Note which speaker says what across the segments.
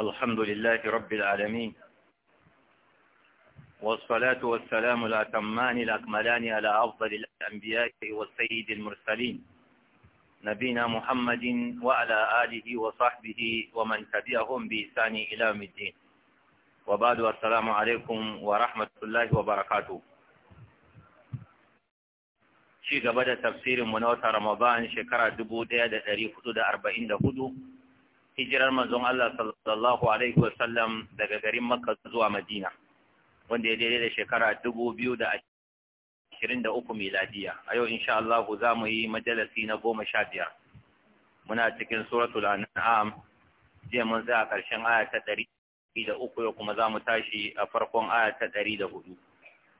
Speaker 1: الحمد لله رب العالمين والصلاة والسلام الأتمان الأكملان على أفضل الأنبياء والسيد المرسلين نبينا محمد وعلى آله وصحبه ومن تبعهم بإحسان إلى يوم الدين وبعد السلام عليكم ورحمة الله وبركاته شيء قبل تفسير منوتة رمضان شكرا دبو ديادة أريف دا أربعين دا خدو hijirar manzon Allah sallallahu alaihi wasallam daga garin Makka zuwa Madina wanda ya daidai da shekara uku miladiya a yau insha Allah za mu yi majalasi na goma sha biyar. muna cikin suratul an'am je mun za a karshen aya ta uku yau kuma za mu tashi a farkon aya ta hudu.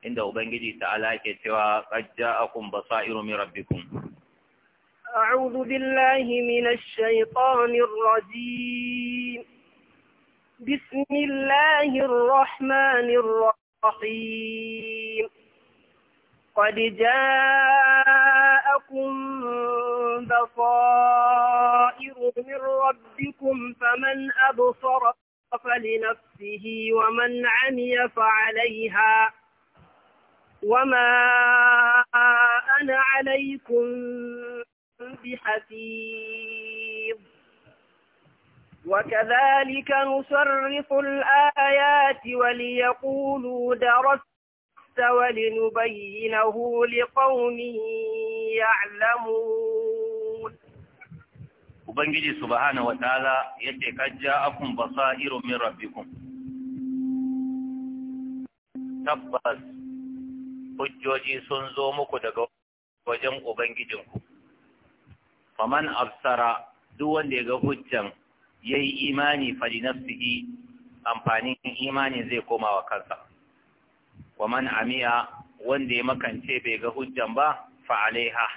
Speaker 1: inda ubangiji ta'ala ke cewa qad ja'akum basairu min rabbikum
Speaker 2: أعوذ بالله من الشيطان الرجيم بسم الله الرحمن الرحيم قد جاءكم بصائر من ربكم فمن أبصر فلنفسه ومن عمي فعليها وما أنا عليكم بحفيظ وكذلك نصرف الآيات وليقولوا درست ولنبينه لقوم يعلمون
Speaker 3: Ubangiji subhanahu wa ta'ala yake kajja akun basairu min rabbikum tabbas
Speaker 1: hujjoji sun zo muku daga wajen ubangijinku faman afsara, duk wanda ya ga hujjan ya yi imani na nafsihi amfanin imani zai koma wa kansa wa amiya wanda ya makance bai ga hujjan ba fa za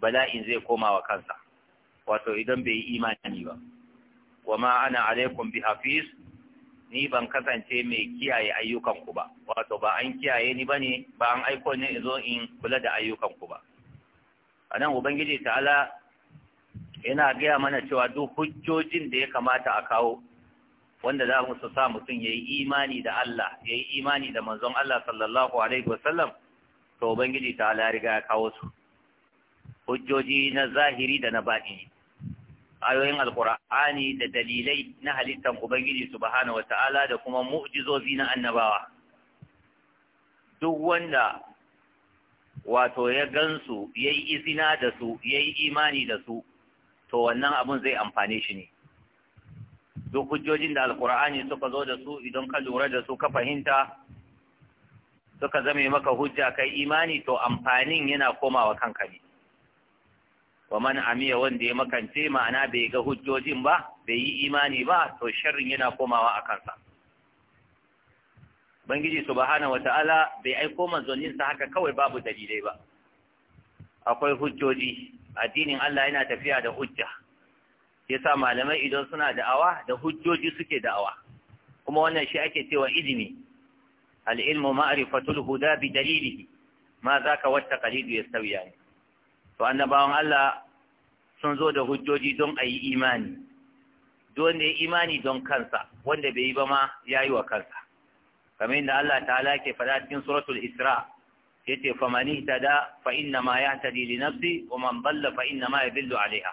Speaker 1: bala'in zai koma wa kansa wato idan bai yi imani ba Kuma ana alaikum bi hafiz ni ban kasance mai kiyaye ayyukanku ba wato ba an kiyaye ni ba ne ba an aiko ni in zo in kula da ayyukanku ba anan ubangiji ta'ala yana gaya mana cewa duk hujjojin da ya kamata a kawo wanda za mu sa mutum ya yi imani da Allah ya yi imani da manzon Allah sallallahu alaihi wasallam to ubangiji ta ala riga ya kawo su hujjoji na zahiri da na baɗi. ayoyin alkur'ani da dalilai na halittar ubangiji wa ta'ala da kuma mu'jizozi na annabawa duk wanda wato ya gansu yi izina da su ya yi imani da su to wannan abun zai amfane shi ne duk hujjojin da alkur'ani suka zo da su idan ka lura da su ka fahimta suka zame maka hujja kai imani to amfanin yana komawa kanka ne wa man amiya wanda ya makance ma'ana bai ga hujjojin ba bai yi imani ba to sharrin yana komawa a kansa bangiji subhanahu wata'ala bai aiko manzannin sa haka kawai babu dalilai ba akwai hujjoji addinin Allah yana tafiya da hujja yasa malamai idan suna da'awa da hujjoji suke da'awa kuma wannan shi ake cewa ilimi al-ilmu ma'rifatul huda bi dalilihi ma zaka wata qalidu yastawiyani to annabawan Allah sun zo da hujjoji don a yi imani don ne imani don kansa wanda bai yi ba ma ya wa kansa kamar da Allah ta'ala ke faɗa cikin suratul Isra yace famani tada fa inna ma yahtadi li nafsi wa man dalla fa inna ma yadillu alaiha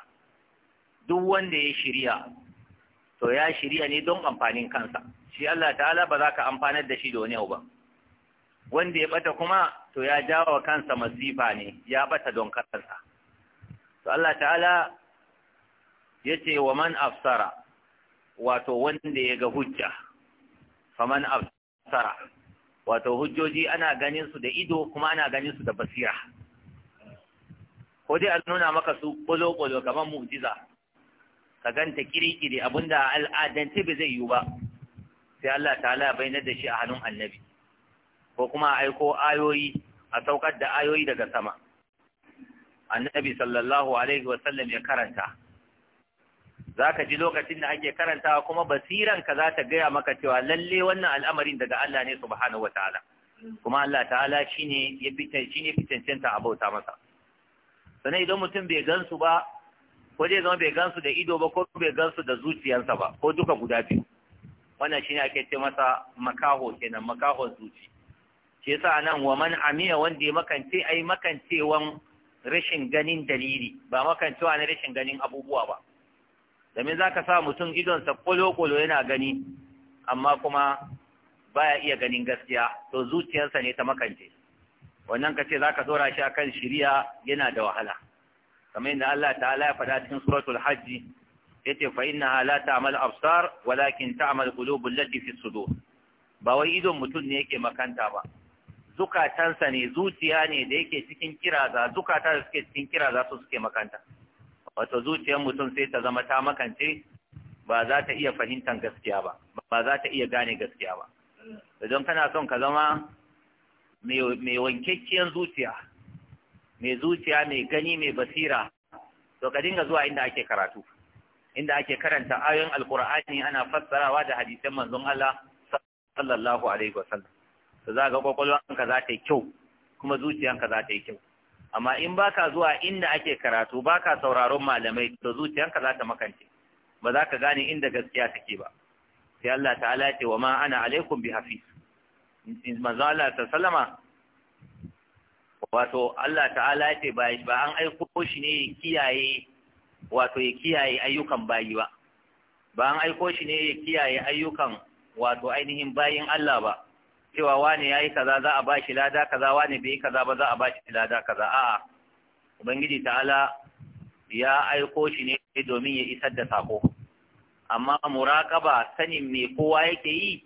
Speaker 1: duk wanda ya shirya to ya shirya ne don amfanin kansa shi Allah ta'ala ba za ka amfanar da shi da wani ba wanda ya bata kuma to ya jawo kansa masifa ne ya bata don kansa to Allah ta'ala yace wa man afsara wato wanda ya ga hujja faman afsara wato hujjoji ana ganin su da ido kuma ana ganin su da basira ko dai a nuna maka su ƙwalo-ƙwalo kamar mu'jiza ka ganta kiri-kiri abinda al'adance ba zai yiwu ba sai Allah ta'ala bai da shi a hannun annabi ko kuma aiko ayoyi a saukar da ayoyi daga sama annabi sallallahu alaihi wasallam ya karanta za ka ji lokacin da ake karantawa kuma basiranka za ta gaya maka cewa lalle wannan al'amarin daga Allah ne subhanahu wa ta'ala kuma Allah ta'ala ya fitan shine fitancenta a bauta masa sanai idan mutum bai gansu ba ko dai zama bai gansu da ido ba ko bai gansu da zuciyarsa ba ko duka guda biyu wannan shi ne ake ce masa makaho kenan makahon zuci Ke yasa nan wa man amiya wanda ya makance ai makancewan rashin ganin dalili ba makancewa na rashin ganin abubuwa ba Dami za ka sa mutum idonsa kolo-kolo yana gani amma kuma baya iya ganin gaskiya to zuciyarsa ne ta makance wannan ka ce za ka zora shi akan shiriya yana da wahala kamar yadda Allah ta'ala ya faɗa cikin suratul hajji yace fa innaha la ta'mal absar walakin ta'mal qulubul lati fi sudur ba wai idon mutum ne yake makanta ba zukatansa ne zuciya ne da yake cikin kiraza za, da suke cikin kiraza su suke makanta wato zuciyar mutum sai ta zama ta makance ba za ta iya fahimtar gaskiya ba ba za ta iya gane gaskiya ba idan kana son ka zama mai wankakkiyar zuciya mai zuciya mai gani mai basira to ka dinga zuwa inda ake karatu inda ake karanta ayoyin alkur'ani ana fassarawa da hadisan manzon Allah sallallahu alaihi wasallam to za ga kwakwalwanka za ta yi kyau kuma zuciyanka za ta yi kyau amma in baka zuwa inda ake karatu baka sauraron malamai to zuciyanka za ta makance ba za ka gane inda gaskiya take ba sai Allah ta'ala ce wa ma ana alaikum bi hafiz in manzo Allah ta sallama wato Allah ta'ala ce ba ba an aiko shi ne ya kiyaye wato ya kiyaye ayyukan bayi ba ba an aiko shi ne ya kiyaye ayyukan wato ainihin bayin Allah ba cewa wani yi kaza za a bashi lada kaza wani bai yi kaza ba za a bashi lada kaza a'a ubangiji ta'ala ya aiko shi ne domin ya isar da sako amma muraqaba sanin me kowa yake yi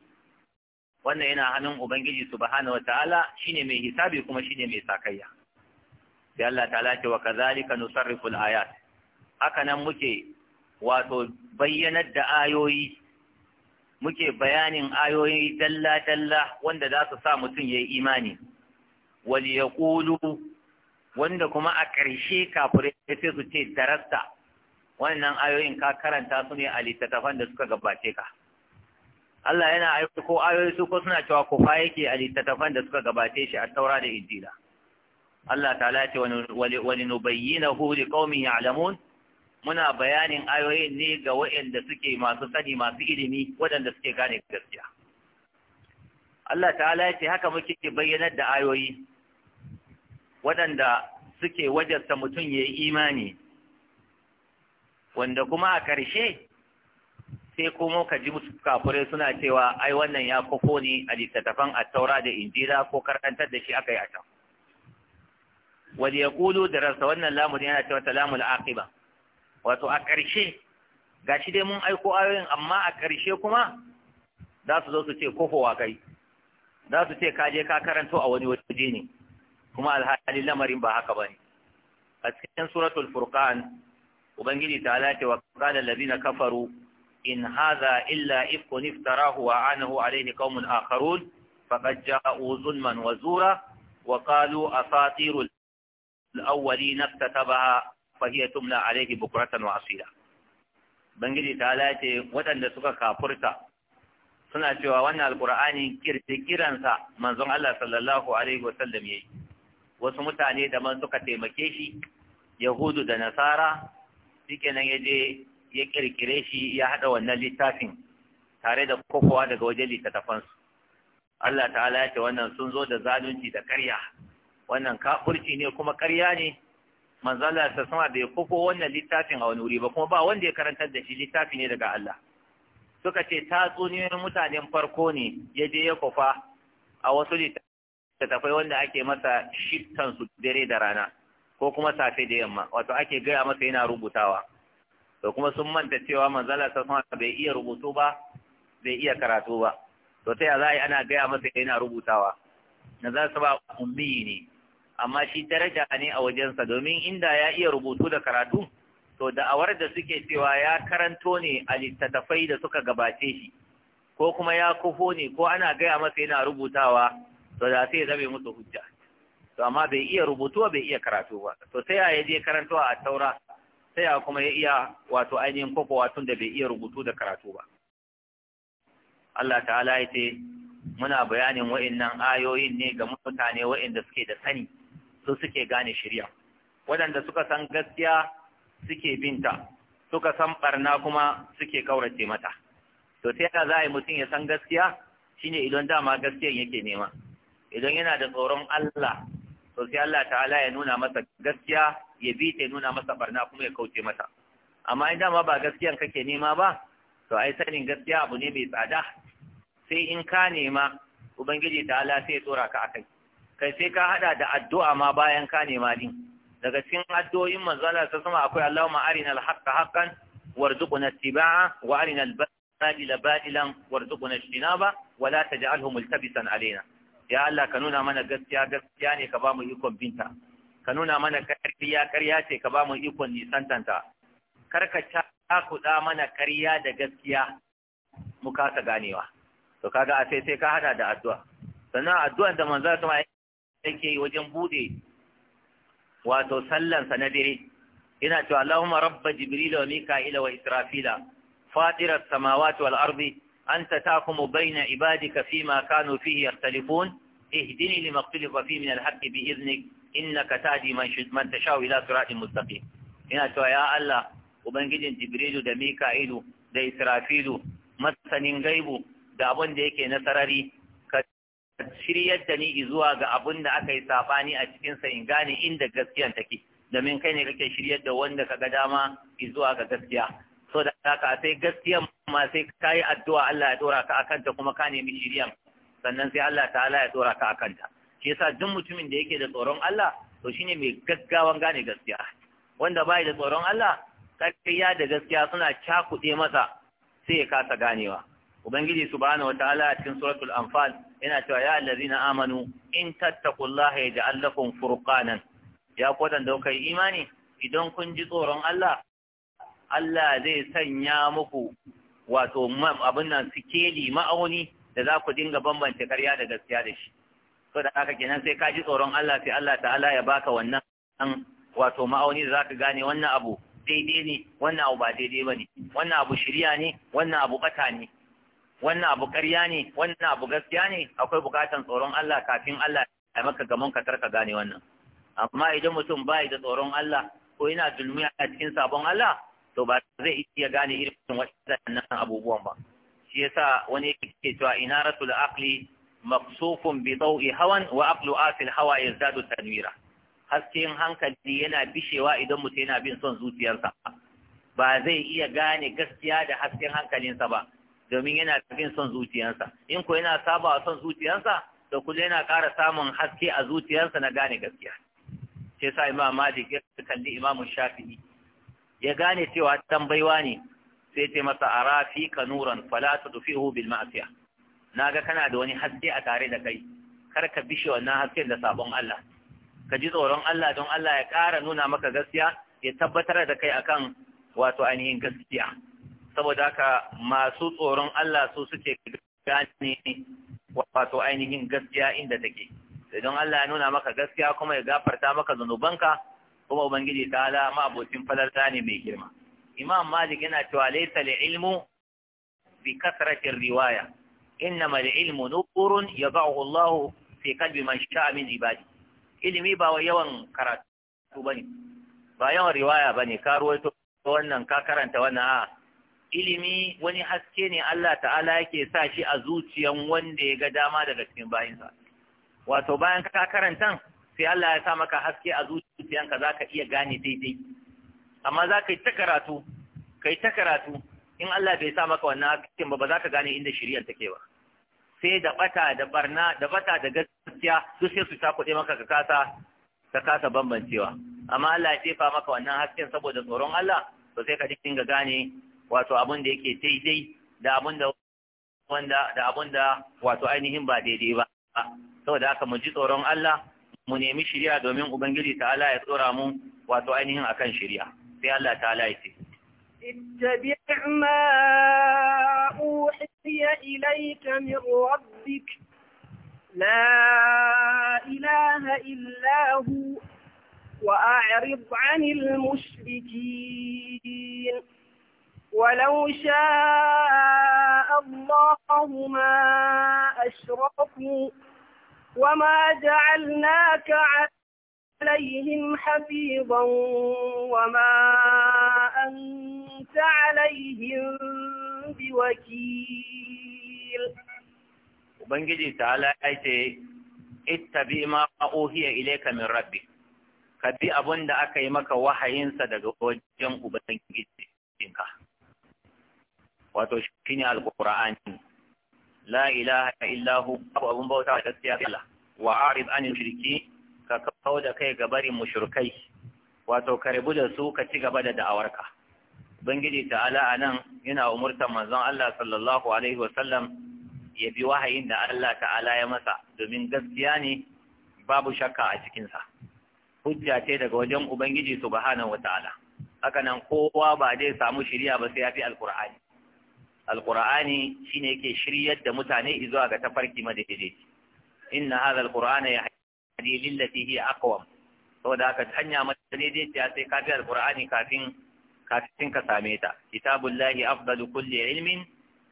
Speaker 1: wannan yana hannun ubangiji subhanahu wataala shine mai hisabi kuma shine mai sakayya sai Allah ta'ala ce wa kadhalika nusarriful ayat haka nan muke wato bayyanar da ayoyi muke bayanin ayoyi dalla-dalla wanda za su sa mutum ya yi imani Wani ya wanda kuma a ƙarshe ya sai su ce darasta wannan ayoyin ka karanta su ne a littattafan da suka gabace ka Allah yana aiki ko ayoyi su ko suna cewa kufa yake a littattafan da suka gabace shi a taura da injila Allah ta ce wani nubayyinahu liqaumin ya'lamun muna bayanin ayoyin ne ga waɗanda suke masu sani masu ilimi waɗanda suke gane gaskiya Allah ta'ala ya ce haka muke bayyanar da ayoyi waɗanda suke wajarsa mutum ya yi imani wanda kuma a ƙarshe sai kuma ka ji musu kafure suna cewa ai wannan ya kofo ne a littattafan taura da injira ko karantar da shi aka yi a can wani ya kulu da rasa wannan lamun yana cewa ta lamun aƙiba. wato a ƙarshe Ga shi dai mun aiko ayoyin amma a ƙarshe kuma za su zo su ce kofowa kai za su ce ka je ka karanto a wani waje ne kuma alhali lamarin ba haka bane a cikin suratul furqan ubangiji ta ce wa ƙalar labina kafaru in haza illa ifkun iftarahu wa anahu alaihi qaumun akharun faqad ja'u zulman wa zura wa qalu asatirul awwalin iftatabaha fahiya tumna alaihi bukuratan wa bangiji ta lace waɗanda suka kafurta suna cewa wannan alkur'ani kiransa, manzon Allah sallallahu alaihi wasallam yayi wasu mutane da man suka taimake shi yahudu da nasara shikenan yaje ya kirkire shi ya haɗa wannan littafin tare da kokowa daga wajen littattafansu Allah ta'ala ya ce wannan sun zo da zalunci da karya. wannan kafurci ne kuma karya ne Allah ta sama bai kofo wannan littafin a wani wuri ba kuma ba wanda ya karantar da shi littafi ne daga Allah suka ce tatsuniyoyin mutanen farko ne ya je ya kufa a wasu littattafai wanda ake masa shittan su dare da rana ko kuma safe da yamma wato ake gaya masa yana rubutawa to kuma sun manta cewa Allah ta sama bai iya rubutu ba bai iya karatu ba to ta za a yi ana gaya masa yana rubutawa na za su ba ummi ne amma shi daraja ne a wajensa domin inda ya iya rubutu da karatu to da'awar da suke cewa ya karanto ne a littattafai da suka gabace shi ko kuma ya kufo ne ko ana gaya masa yana rubutawa to da sai ya zame musu hujja to amma bai iya rubutu bai iya karatu ba to sai ya je karanto a taura sai ya kuma ya iya wato ainihin koko watun da bai iya rubutu da karatu ba Allah ta'ala ya ce muna bayanin wa'annan ayoyin ne ga mutane wa'anda suke da sani su suke gane shirya waɗanda suka san gaskiya suke binta suka san barna kuma suke kaurace mata to sai za a yi mutum ya san gaskiya shine idan dama gaskiyan yake nema idan yana da tsoron Allah to sai Allah ta'ala ya nuna masa gaskiya ya bi ta nuna masa barna kuma ya kauce mata amma in dama ba gaskiyan kake nema ba to ai sanin gaskiya abu ne mai tsada sai in ka nema ubangiji ta'ala sai ya tsora ka a kai. kai sai ka hada da addu'a ma bayan ka nema din daga cikin addu'o'in manzala ta sama akwai Allahumma arina al-haqqa haqqan warzuqna ittiba'a wa arina al-batila batilan warzuqna ijtinaba wa la taj'alhu multabisan alaina ya Allah ka nuna mana gaskiya gaskiya ne ka ba mu ikon binta ka nuna mana ƙarya ƙarya ce ka ba mu ikon nisantanta kar ka cakuɗa mana ƙarya da gaskiya mu kasa ganewa to kaga a sai sai ka hada da addu'a sannan addu'an da manzo sama yake yi wajen bude wato sallansa na dire, yana cewa Allahumma rabba jibril wa mika'ila wa israfila fatira samawati wal ardi anta tahkumu baina ibadika fima kanu fihi yahtalifun ihdini lima ikhtalafa fihi min al-haqqi bi idhnik innaka tahdi man man tashau ila siratin mustaqim yana cewa ya Allah ubangijin jibrilu da mika'ilu da israfilu masanin gaibu da abin da yake na sarari shiryar da ni zuwa ga abin da aka yi sabani a cikinsa in gane inda gaskiyan take domin kai ne kake shiryar da wanda ka ga dama zuwa ga gaskiya so da haka sai gaskiya ma sai ka yi addu'a Allah ya dora ka akanta kuma ka nemi shiriyan sannan sai Allah ta'ala ya dora ka akanta shi yasa duk mutumin da yake da tsoron Allah to shine mai gaggawan gane gaskiya wanda bai da tsoron Allah ya da gaskiya suna cakuɗe masa sai ya kasa ganewa ubangiji subhanahu wataala a cikin suratul anfal yana cewa ya allazina amanu in tattaqullaha yaj'al lakum furqanan ya kwadan da kai imani idan kun ji tsoron Allah Allah zai sanya muku wato abin nan sikeli ma'auni da za ku dinga bambance ƙarya da gaskiya da shi so da haka kenan sai ka ji tsoron Allah sai Allah ta'ala ya baka wannan wato ma'auni da zaka gane wannan abu daidai ne wannan abu ba daidai bane wannan abu shirya ne wannan abu bata ne wannan abu ƙarya ne wannan abu gaskiya ne akwai bukatan tsoron Allah kafin Allah ya maka gamon ka tarka gane wannan amma idan mutum bai da tsoron Allah ko yana zulmi a cikin sabon Allah to ba zai iya gane irin waɗannan abubuwan ba shi yasa wani yake cewa inaratul aqli maqsufun bi dawi hawan wa aqlu asil hawa yazdadu tanwira hasken hankali yana bishewa idan mutum yana bin son zuciyarsa ba zai iya gane gaskiya da hasken hankalinsa ba domin yana bin son zuciyarsa in ko yana sabawa son zuciyarsa to kullum yana ƙara samun haske a zuciyarsa na gane gaskiya sai sa imam malik ya kalli imam shafi'i ya gane cewa tambaiwa ne sai ce masa arafi ka nuran fala tudfihu bil na naga kana da wani haske a tare da kai kar ka bishe wannan hasken da sabon Allah ka ji tsoron Allah don Allah ya ƙara nuna maka gaskiya ya tabbatar da kai akan wato ainihin gaskiya saboda haka masu tsoron Allah su suke gane wato ainihin gaskiya inda take idan Allah ya nuna maka gaskiya kuma ya gafarta maka zanubanka kuma ubangiji ta ala ma abocin falalta ne mai girma imam malik yana cewa laysa ilmu bi kasratir riwaya innama ilmu nuqurun yadahu Allah fi qalbi man sha'a min ibadi ilimi ba wa yawan karatu bane ba yawan riwaya bane ka ruwaito wannan ka karanta wannan a ilimi wani haske ne Allah ta'ala yake sa shi a zuciyan wanda ya ga dama daga cikin bayinsa wato bayan ka karanta sai Allah ya sa maka haske a zuciyanka ka iya gane daidai amma za ka yi ta karatu yi ta karatu in Allah bai sa maka wannan haske ba ba za ka gane inda shiriyar take ba sai da bata da barna da bata da gaskiya duk sai su ta kuɗe maka ka kasa ka kasa bambancewa amma Allah ya tefa maka wannan hasken saboda tsoron Allah to sai ka dinga gane wato abin da yake daidai da abin da wanda da abin da wato ainihin ba daidai ba saboda haka mu ji tsoron Allah mu nemi shiriya domin ubangiji ta'ala ya tsora mu wato ainihin akan shiriya sai Allah ta'ala ya ce
Speaker 2: اتبع ما أوحي إليك من ربك لا إله إلا هو وأعرض عن المشركين ولو شاء الله ما أشركوا وما جعلناك عليهم حفيظا وما أنت عليهم بوكيل
Speaker 1: Ubangiji ta'ala ya ce, Ittabi ma ohiya ilaika min rabbi, ka bi abin da aka yi maka wahayinsa daga wajen Ubangijinka. wato ne Alƙur'ani. la ilaha illa hu babu abun bauta da gaskiya Allah wa arid anil shirki ka kawo da kai ga barin mushrikai wato ka rabu da su ka ci gaba da da'awarka ubangiji ta'ala anan yana umurtar manzon Allah sallallahu alaihi wasallam ya bi wahayin da Allah ta'ala ya masa domin gaskiya ne babu shakka a cikin sa hujja ce daga wajen ubangiji subhanahu wataala haka nan kowa ba zai samu shiriya ba sai ya fi alqur'ani shi shine ke shiryar da mutane zuwa ga tafarki madaidaici inna hadha alqur'ana yahdi lillati hi aqwam saboda haka hanya ya sai ka fi alqur'ani kafin ka same ta kitabullahi afdalu kulli ilmin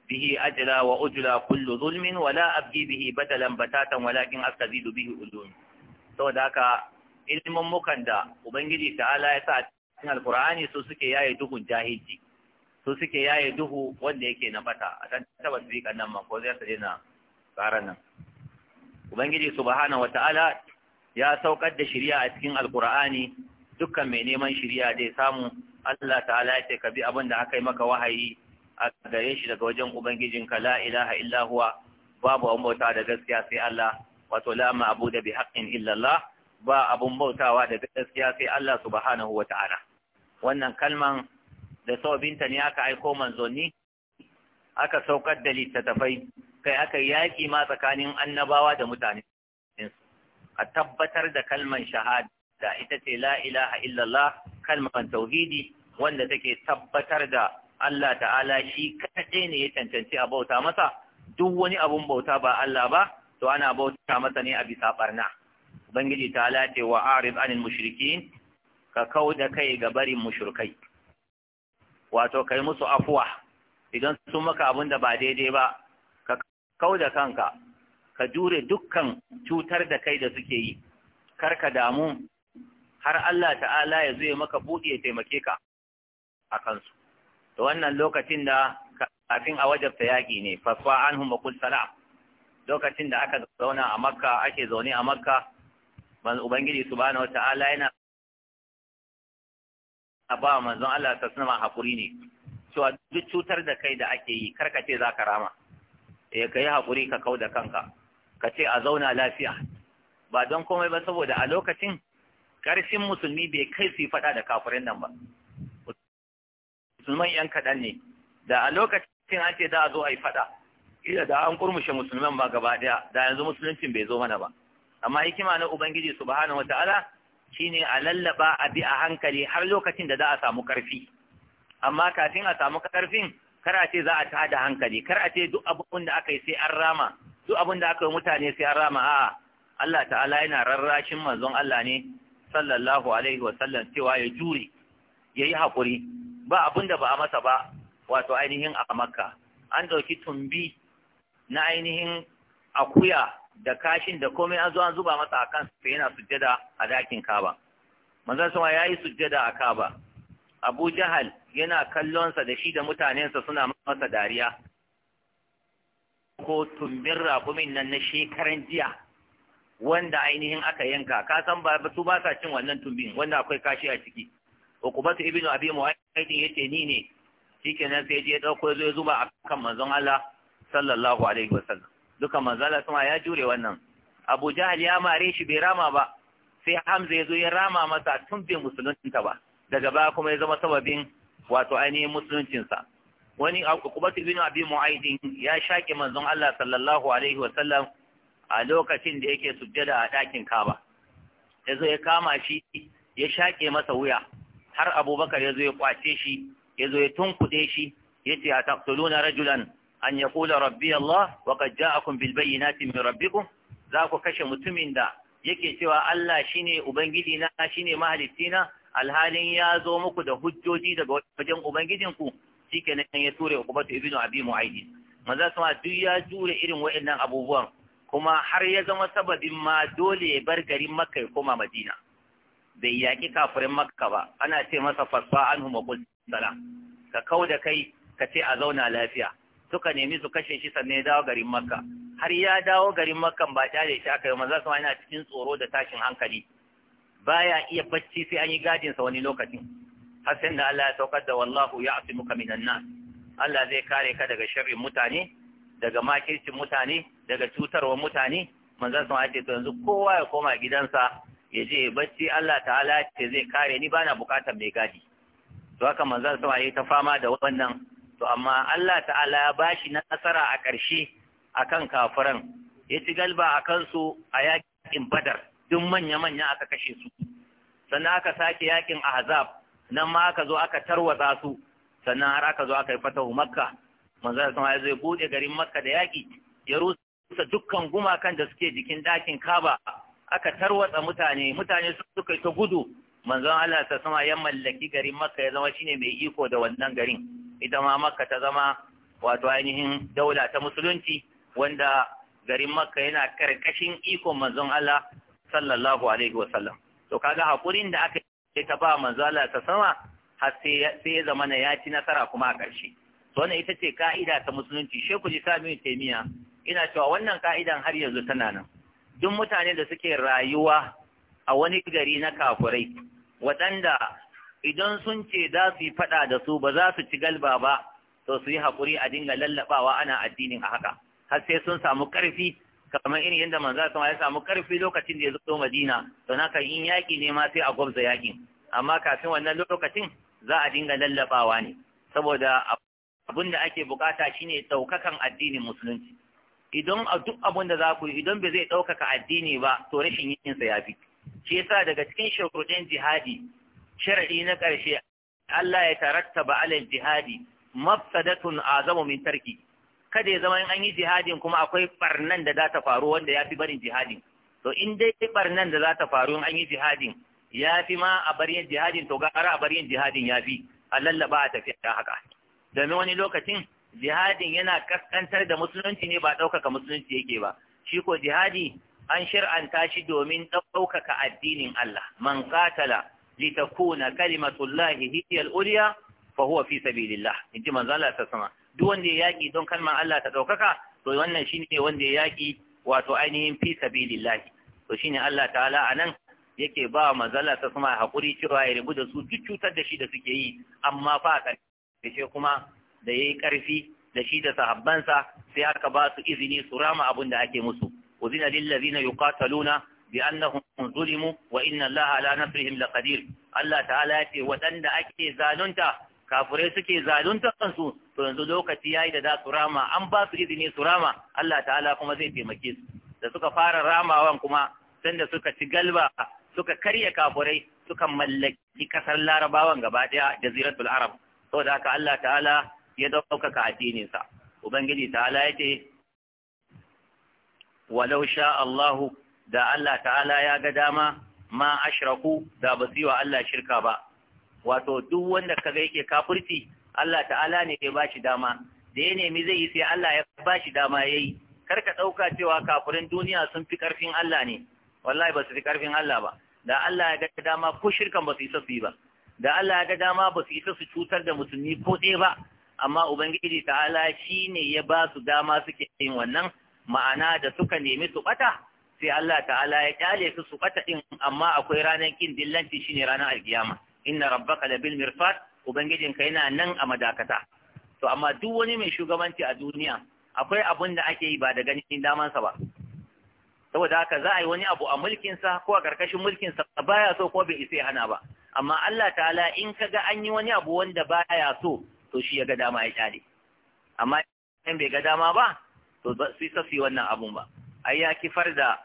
Speaker 1: bihi ajla wa ujula kullu zulmin wala abdi bihi badalan batatan walakin astazidu bihi ulum saboda haka ilmin mukan da ubangiji ta'ala ya sa cikin Alƙur'ani su suke yaye duhun jahilci su suke yaye duhu wanda yake na bata a san taba sifikan nan ma ko zai ta daina tsaran nan ubangiji subhanahu wataala ya saukar da shari'a a cikin alqur'ani dukkan mai neman shari'a zai samu Allah ta'ala ya ce ka bi abin da aka yi maka wahayi a gare shi daga wajen ubangijinka la ilaha illa huwa babu abun bauta da gaskiya sai Allah wato la ma'budu bi haqqin illa Allah ba abun bautawa da gaskiya sai Allah subhanahu wataala wannan kalman da sababinta ne aka aiko manzanni aka saukar da littattafai kai aka yaƙi ma tsakanin annabawa da mutane a tabbatar da kalman shahada da ita ce la ilaha illallah kalman tauhidi wanda take tabbatar da Allah ta'ala shi kaɗai ne ya cancanci a bauta masa duk wani abun bauta ba Allah ba to ana bauta masa ne a bisa barna Bangiji ta'ala ce wa Arif anil mushrikin ka kauda kai ga barin mushrikai wato kai musu afuwa idan sun maka abin da ba daidai ba ka kau da kanka ka jure dukkan cutar da kai da suke yi kar ka damu har Allah ta'ala ya zuye maka buɗe ya taimake ka a kansu da wannan lokacin da kafin a wajabta yaƙi ne fasfa an hu makul lokacin da aka zauna a makka ake zaune a makka ubangiji subhanahu ta'ala yana a ba wa manzon Allah ta sunama hakuri ne cewa duk cutar da kai da ake yi kar ka ce za ka rama eh ka yi hakuri ka kau da kanka ka ce a zauna lafiya ba don komai ba saboda a lokacin ƙarshen musulmi bai kai su yi faɗa da kafirin nan ba musulman yan kaɗan ne da a lokacin an ce za a zo a yi faɗa ila da an kurmushe musulman ba gaba ɗaya da yanzu musuluncin bai zo mana ba amma hikima na ubangiji subhanahu wataala shine a lallaba a bi a hankali har lokacin da za a samu karfi amma kafin a samu karfin kar a ce za a ta da hankali kar a ce duk abubuwan da aka yi sai an rama duk abin da aka yi mutane sai an rama a'a Allah ta'ala yana rarrashin manzon Allah ne sallallahu alaihi wa sallam cewa ya jure yayi hakuri ba abin da ba a masa ba wato ainihin a Makka an ɗauki tumbi na ainihin akuya da kashin da komai an zo an zuba masa a kan sai yana sujjada a dakin Kaba manzon sama yayi sujjada a Kaba Abu Jahal yana kallonsa da shi da mutanensa suna masa dariya ko tumbin rafumin nan na shekaran jiya wanda ainihin aka yanka ka san ba su ba sa cin wannan tumbin wanda akwai kashi a ciki ukubatu ibnu abi mu'ayyid yace ni ne shikenan sai je ya dauko zo ya zuba akan manzon Allah sallallahu alaihi wasallam duka manzala sama ya jure wannan abu jahal ya mare shi bai rama ba sai hamza ya zo ya rama masa tun bai musulunta ba daga baya kuma ya zama sababin wato ainihin musuluncinsa wani kubatu bin abi mu'aidin ya shaƙe manzon Allah sallallahu alaihi wa a lokacin da yake sujjada a ɗakin Kaba ya zo ya kama shi ya shaƙe masa wuya har Abubakar ya zo ya kwace shi ya zo ya tunkuɗe shi ya ce a taktuluna rajulan an ya kula rabbi Allah wa qad ja'akum bil bayyinati min rabbikum za ku kashe mutumin da yake cewa Allah ne, ubangiji na shine mahalicci na alhalin ya zo muku da hujjoji daga wajen ubangijinku shikenan ya ture ukubatu ibnu abi mu'ayd maza kuma duk ya jure irin waɗannan abubuwan kuma har ya zama sababin ma dole ya bar garin Makka ya koma Madina bai yaki kafirin Makka ba ana ce masa fasfa an wa qul salam ka kauda kai ka ce a zauna lafiya suka nemi su kashe shi sannan ya dawo garin makka har ya dawo garin makka ba tare da shi aka yi manzo sama yana cikin tsoro da tashin hankali baya iya bacci sai an yi gadin sa wani lokacin har sai da Allah ya saukar da wallahu ya'simuka minan nas Allah zai kare ka daga sharrin mutane daga makircin mutane daga cutarwa mutane manzo sama ya ce to yanzu kowa ya koma gidansa ya je bacci Allah ta'ala ce zai kare ni bana bukatar mai gadi to haka manzo sama ya ta fama da wannan to amma Allah ta'ala ya bashi nasara a ƙarshe akan kafiran ya ci galba a kansu a yakin badar duk manya-manya aka kashe su sannan aka sake yakin ahzab nan ma aka zo aka tarwatsa su sannan har aka zo aka yi fatahu makka manzo sama ya zai bude garin makka da yaki ya rusa dukkan gumakan da suke jikin dakin kaba aka tarwatsa mutane mutane suka yi ta gudu manzo Allah ta sama ya mallaki garin makka ya zama shine mai iko da wannan garin ita ma makka ta zama wato ainihin daula ta musulunci wanda garin makka yana karkashin ikon manzon Allah sallallahu alaihi wasallam to kaga hakurin da aka yi ta ba manzon Allah ta sama har sai ya zama ya ci nasara kuma a ƙarshe to wannan ita ce ka'ida ta musulunci shekul islam ibn taymiya ina cewa wannan ka'idan har yanzu tana nan duk mutane da suke rayuwa a wani gari na kafurai waɗanda idan sun ce za su yi faɗa da su ba za su ci galba ba to su yi haƙuri a dinga lallaɓawa ana addinin a haka har sai sun samu ƙarfi kamar irin yadda manzo sama ya samu ƙarfi lokacin da ya zo Madina to kan in yaƙi ne ma sai a gwabza yaƙin amma kafin wannan lokacin za a dinga lallaɓawa ne saboda abin da ake bukata shine ɗaukakan addinin musulunci idan a duk abin da za ku yi idan bai zai ɗaukaka addini ba to rashin yin sa ya fi. shi yasa daga cikin shekarun jihadi sharadi na ƙarshe Allah ya tarattaba alal jihadi mafsadatun azamu min tarki kada ya zama in an yi jihadin kuma akwai barnan da za ta faru wanda ya fi barin jihadin to in dai barnan da za ta faru in an yi jihadin ya fi ma a bar yin jihadin to gara a bar yin jihadin ya fi a lallaba a tafiya haka domin wani lokacin jihadin yana kaskantar da musulunci ne ba ɗaukaka musulunci yake ba shi ko jihadi an shir'anta shi domin ɗaukaka addinin Allah man qatala litakuna na hiya al-ulya fa huwa fi sabilillah inji manzo Allah ta sama duk wanda ya yaki don kalmar Allah ta daukaka to wannan shine wanda ya yaki wato ainihin fi sabilillah to shine Allah ta'ala anan yake ba manzo Allah ta sama hakuri cewa ya rubu da su duk da shi da suke yi amma fa karshe kuma da yayi karfi da shi da sahabbansa sai aka ba su izini su rama abin da ake musu uzina lil ladina yuqataluna bi annahum zulimu wa inna allaha ala nasrihim laqadir Allah ta'ala ya ce waɗanda ake zalunta kafurai suke zalunta kansu to yanzu lokaci yayi da za su rama an ba su izini su rama Allah ta'ala kuma zai taimake su da suka fara ramawan kuma sanda suka ci galba suka karya kafurai, suka mallaki kasar larabawan gaba daya jaziratul arab saboda haka Allah ta'ala ya daukaka addininsa. ubangiji ta'ala yace walau sha Allahu da Allah ta'ala ya ga dama ma ashraku da ba su yi wa Allah shirka ba wato duk wanda ka ga yake kafurci? Allah ta'ala ne ya bashi dama da ya nemi zai yi sai Allah ya bashi dama yayi kar ka ɗauka cewa kafurin duniya sun fi ƙarfin Allah ne wallahi ba su fi ƙarfin Allah ba da Allah ya ga dama ko shirkan ba su isa su yi ba da Allah ya ga dama ba su isa su cutar da musulmi ko ɗaya ba amma ubangiji ta'ala shi ne ya ba su dama suke yin wannan ma'ana da suka nemi su ɓata? sai Allah ta'ala ya kyale su su bata din amma akwai ranar kin dillanci shine ranar alkiyama inna rabbaka labil mirfat ka yana nan a madakata to amma duk wani mai shugabanci a duniya akwai abun da ake yi ba da ganin damansa ba saboda haka za a yi wani abu a mulkinsa ko a ƙarƙashin mulkinsa baya so ko bai isa hana ba amma Allah ta'ala in ka ga an yi wani abu wanda baya so to shi ya ga dama ya kyale amma in bai ga dama ba to sai safi wannan abun ba ai ya kifar da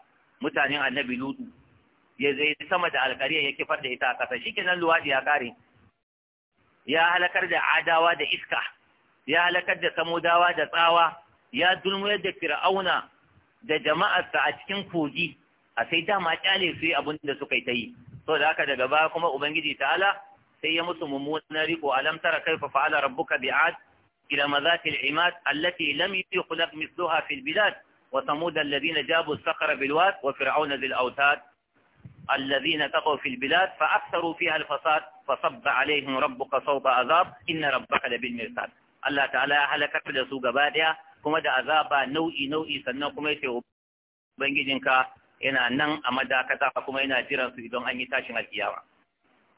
Speaker 1: mutanen annabi lutu ya zai sama da alkariya ya kifar da ita a ƙasa kenan luwadi ya kare ya halakar da adawa da iska ya halakar da samudawa da tsawa ya dulmuyar da fir'auna da jama'arsa a cikin kogi a sai dama kyale su yi abin da suka yi ta yi so da haka daga baya kuma ubangiji ta'ala sai ya musu mummunan riko alam tara kaifa fa'ala rabbuka bi'ad ila mazatil imad allati lam yukhlaq misluha fil bilad وثمود الذين جابوا الصخر بالواد وفرعون ذي الأوتاد الذين تقوا في البلاد فأكثروا فيها الفساد فصب عليهم ربك صوب عذاب إن ربك لبالمرصاد الله تعالى هلك في السوق بادئة كما دا عذاب نوئي نوئي سنو كما يتعو بانجي إنا نن أمدا كتاك كما إنا جيران سيدون أني تاشن الكيامة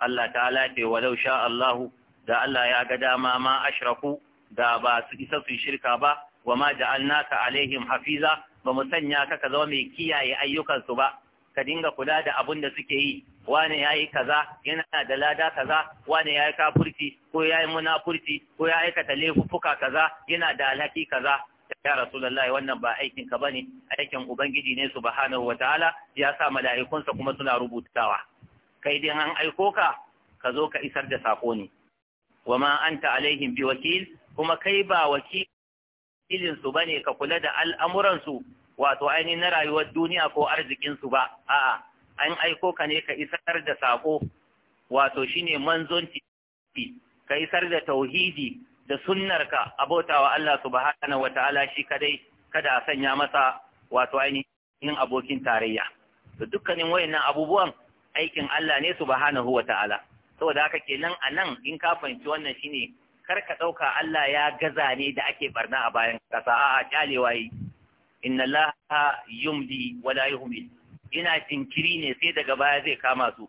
Speaker 1: الله تعالى ولو شاء الله دا الله يا قدام ما أشرفوا دا با سيسا سيشركا با wa ma ja'alnaka alaihim hafiza ba mu sanya ka ka zama mai kiyaye ayyukan su ba ka dinga kula da abun da suke yi wane yayi kaza yana da lada kaza wane yayi kafurci ko yayi munafurci ko ya aikata laifuka kaza yana da alhaki kaza ya rasulullahi wannan ba aikin ka bane aikin ubangiji ne subhanahu wataala ya sa mala'ikunsa kuma suna rubutawa kai dai an aiko ka ka zo ka isar da sako ne wa ma anta alaihim biwakil kuma kai ba wakil ilinsu ba ne ka kula da al'amuransu wato ainihin na rayuwar duniya ko arzikinsu ba, a'a, an aiko ka ne ka isar da saƙo, wato shi ne titi, ka isar da tauhidi da sunnarka abotawa Allah subhanahu wa ta'ala shi kadai kada a sanya masa wato ainihin abokin tarayya. To dukkanin wayannan abubuwan aikin Allah ne subhanahu wa ta'ala. Saboda haka kenan a nan in ka fahimci wannan shine kar ka ɗauka Allah ya gaza ne da ake barna a bayan kasa a'a kyalewa yi inna laha yumdi wala yuhmil ina jinkiri ne sai daga baya zai kama su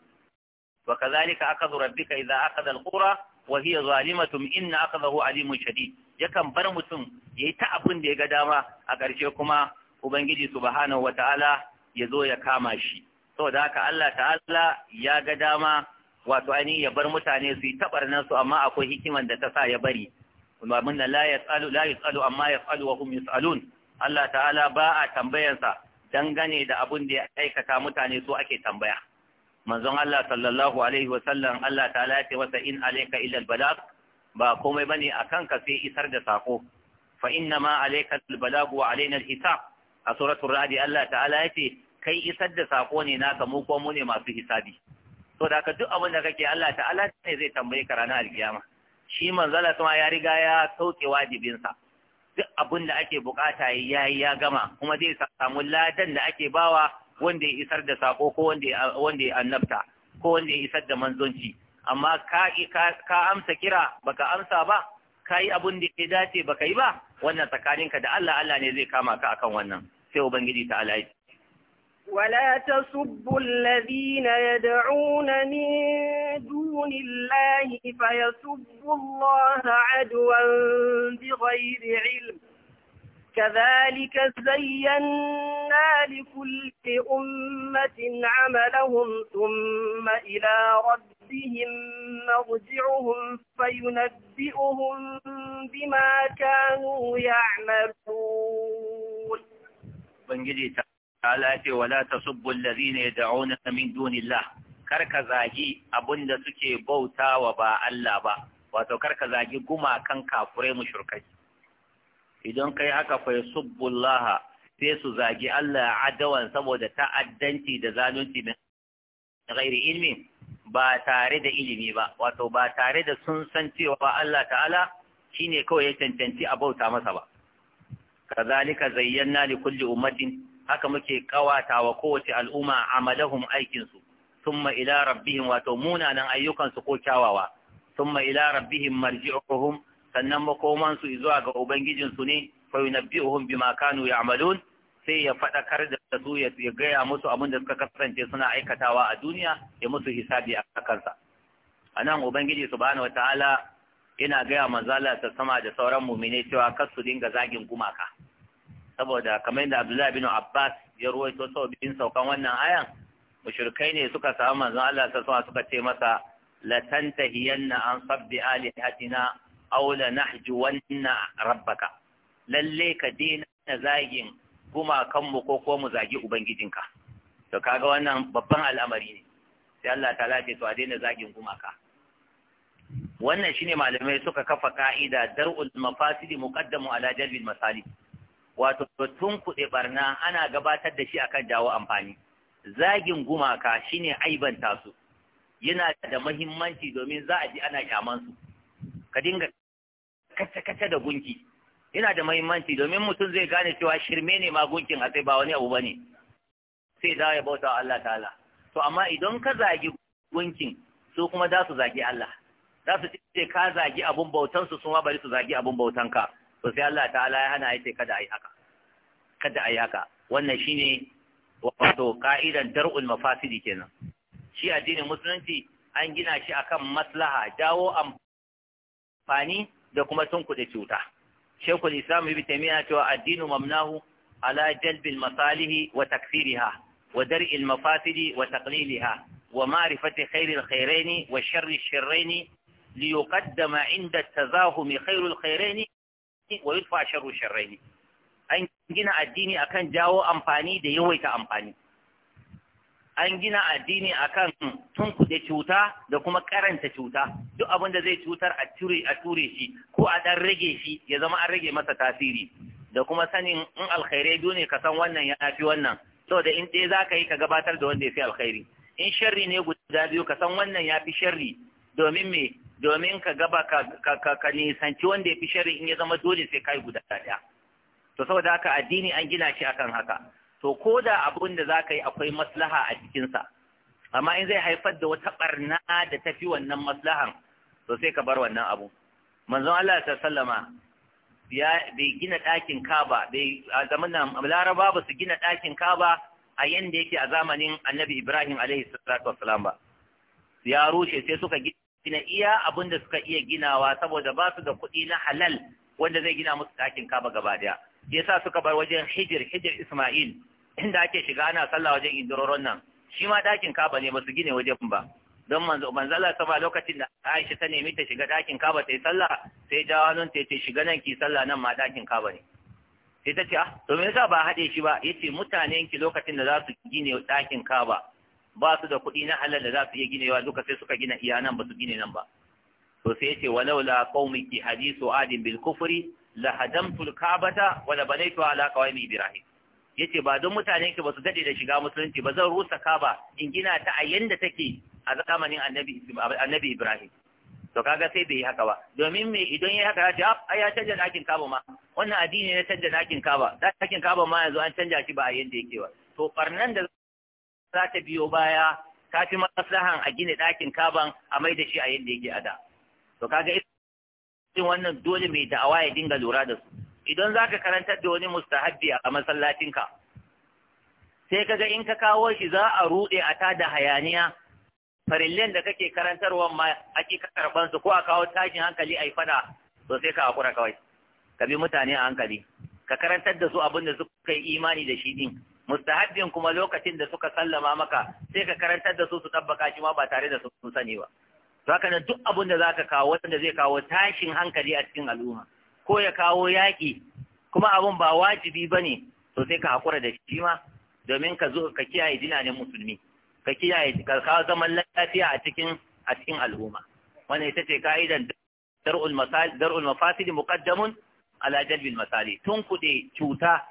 Speaker 1: wa kazalika akadhu rabbika idza akadha alqura wa hiya zalimatun inna akadahu alimun shadid yakan bar mutum yayi ta abin da ya ga dama a ƙarshe kuma ubangiji subhanahu wataala ya zo ya kama shi saboda haka Allah ta'ala ya ga dama wato ani ya bar mutane su yi tabarnan su amma akwai hikiman da ta sa ya bari da la yasalu la yasalu amma yasalu wa hum yasalun Allah ta'ala ba a tambayansa dangane da abun da ya aikata mutane su ake tambaya manzon Allah sallallahu alaihi wa sallam Allah ta'ala ya ce masa in alayka illa albalag ba komai bane akan ka sai isar da sako fa inna ma alayka albalag wa alaina alhisab a suratul ra'd Allah ta'ala ya ce kai isar da sako ne naka mu ko mu ne masu hisabi to da ka duk abin da kake Allah ta'ala ne zai tambaye ka ranar alkiyama shi manzala kuma ya riga ya sauke wajibinsa duk abin da ake bukata yayi ya gama kuma zai samu ladan da ake bawa wanda ya isar da sako ko wanda ya annabta ko wanda ya isar da manzonci amma ka amsa kira baka amsa ba ka yi abin da ke dace baka yi ba wannan tsakaninka da Allah Allah ne zai kama ka akan wannan sai ubangiji ta alayi
Speaker 2: ولا تسبوا الذين يدعون من دون الله فيسبوا الله عدوا بغير علم كذلك زينا لكل أمة عملهم ثم إلى ربهم مرجعهم فينبئهم بما كانوا يعملون
Speaker 1: ta'ala ce wala tasubbu alladhina yad'una min Kar karka zagi abinda suke bautawa ba Allah ba wato karka zagi gumakan kafurai mushrikai idan kai haka fa Allah sai su zagi Allah adawan saboda ta'addanci da zalunci min gairi ilmi ba tare da ilimi ba wato ba tare da sun san cewa Allah ta'ala shine kawai ya cancanci a bauta masa ba kazalika zayyana li kulli ummatin haka muke kawata wa kowace al'umma amalahum aikinsu summa ila rabbihim wato munanan ayyukansu ko kyawawa summa ila rabbihim marji'uhum sannan makomansu zuwa ga ubangijinsu ne fa yunabbi'uhum bima kanu ya'malun sai ya faɗakar da su ya gaya musu abin da suka kasance suna aikatawa a duniya ya musu hisabi a kansa anan ubangiji subhanahu wataala yana gaya manzala ta sama da sauran mumine cewa kar su dinga zagin gumaka saboda kamar yadda Abdullahi bin Abbas ya ruwaito sau biyun saukan wannan ayan mushrikai ne suka samu manzon Allah sallallahu Suna suka ce masa la na an sabbi alihatina aw la nahjuwanna rabbaka lalle ka daina zagin gumakanmu ko ko mu zagi ubangijinka to kaga wannan babban al'amari ne sai Allah ta ce to a daina zagin gumaka wannan shine malamai suka kafa ka'ida dar'ul mafasidi muqaddamu ala jalbil masalih wato tun kuɗe barna ana gabatar da shi akan dawo amfani zagin gumaka shine aibanta su yana da mahimmanci domin za a ji ana kyaman su ka dinga kace-kace da gunki yana da mahimmanci domin mutum zai gane cewa shirme ne ma gunkin a sai ba wani abu bane sai da ya bauta wa Allah ta'ala to amma idan ka zagi gunkin su kuma za su zagi Allah za su ce ka zagi abun bautansu su ma bari su zagi abun bautanka to sai Allah ta'ala ya hana yace kada ayi haka kada haka wannan shine wato ka'idan dar'ul mafasidi kenan shi addinin musulunci an gina shi akan maslaha jawo amfani da kuma tunkuɗe cuta shekul islam ibn taymiya cewa addinu mamnahu ala jalbil masalihi wa takfiriha wa dar'il mafasidi wa taqliliha wa ma'rifati khairil khairaini wa sharri sharraini ليقدم inda tazahumi خير الخيرين wa yudfa sharru an gina addini akan jawo amfani da yawaita amfani an gina addini akan da cuta da kuma karanta cuta duk abin da zai cutar a ture a ture shi ko a dan rage shi ya zama an rage masa tasiri da kuma sanin in alkhairai biyu ka san wannan ya fi wannan da in ɗaya za yi ka gabatar da wanda ya fi alkhairi in sharri ne guda biyu ka san wannan ya fi sharri domin me domin ka gaba ka nisanci wanda ya fi shari in ya zama dole sai kai guda daya to saboda haka addini an gina shi akan haka to ko da abin da za ka yi akwai maslaha a cikinsa amma in zai haifar da wata barna da ta fi wannan maslahan to sai ka bar wannan abu manzon Allah sallama ya bai gina ɗakin kaba bai a zamanin laraba ba su gina ɗakin kaba a yanda yake a zamanin annabi ibrahim alaihi salatu wasalam ba ya rushe sai suka gina gina iya abin da suka iya ginawa saboda ba su da kuɗi na halal wanda zai gina musu ɗakin kaba gaba daya yasa suka bar wajen hijir hijir isma'il inda ake shiga ana sallah wajen indiroron nan shi ma ɗakin kaba ne ba su gine wajen ba don manzo manzala ta ba lokacin da Aisha ta nemi ta shiga ɗakin kaba ta yi sallah sai hannun ta ce shiga nan ki sallah nan ma ɗakin kaba ne sai ta ce ah to me yasa ba haɗe shi ba yace mutanen ki lokacin da za su gine ɗakin kaba ba su da kuɗi na halal da za su iya ginewa duka sai suka gina iya nan ba su gine nan ba to sai yace walau qaumiki hadisu adin bil kufri la hadamtul ka'bata wa la banaytu ala qawmi ibrahim yace ba don mutanen ki ba su dade da shiga musulunci ba zan rusa kaba in gina ta a yanda take a zamanin annabi annabi ibrahim to kaga sai bai yi haka ba domin me idan yayi haka ya ce ah, ai ya canja dakin kaba ma wannan addini ne canja dakin kaba dakin kaba ma yanzu an canja shi ba a yanda yake ba to farnan da za ta biyo baya ta fi maslahan a gina ɗakin kaban a mai da shi a yadda yake a da to kaga irin wannan dole mai da'awa ya dinga lura da su idan za ka karanta da wani mustahabbi a masallacinka sai ka ga in ka kawo shi za a ruɗe a ta da hayaniya farillen da kake karantarwa ma ake karɓar su ko a kawo tashin hankali a yi fada to sai ka hakura kawai ka bi mutane a hankali ka karantar da su abin da suka yi imani da shi din mustahabbin kuma lokacin da suka sallama maka sai ka karantar da su su tabbaka shi ma ba tare da sun sani ba haka nan duk abin da zaka kawo wanda zai kawo tashin hankali a cikin al'umma ko ya kawo yaki kuma abun ba wajibi bane to sai ka hakura da shi ma domin ka zo ka kiyaye dinanin musulmi ka kiyaye ka kawo zaman lafiya a cikin a cikin al'umma wannan ita ce ka'idan dar'ul masal dar'ul mafasid muqaddamun ala jalbil masali tun kuɗe cuta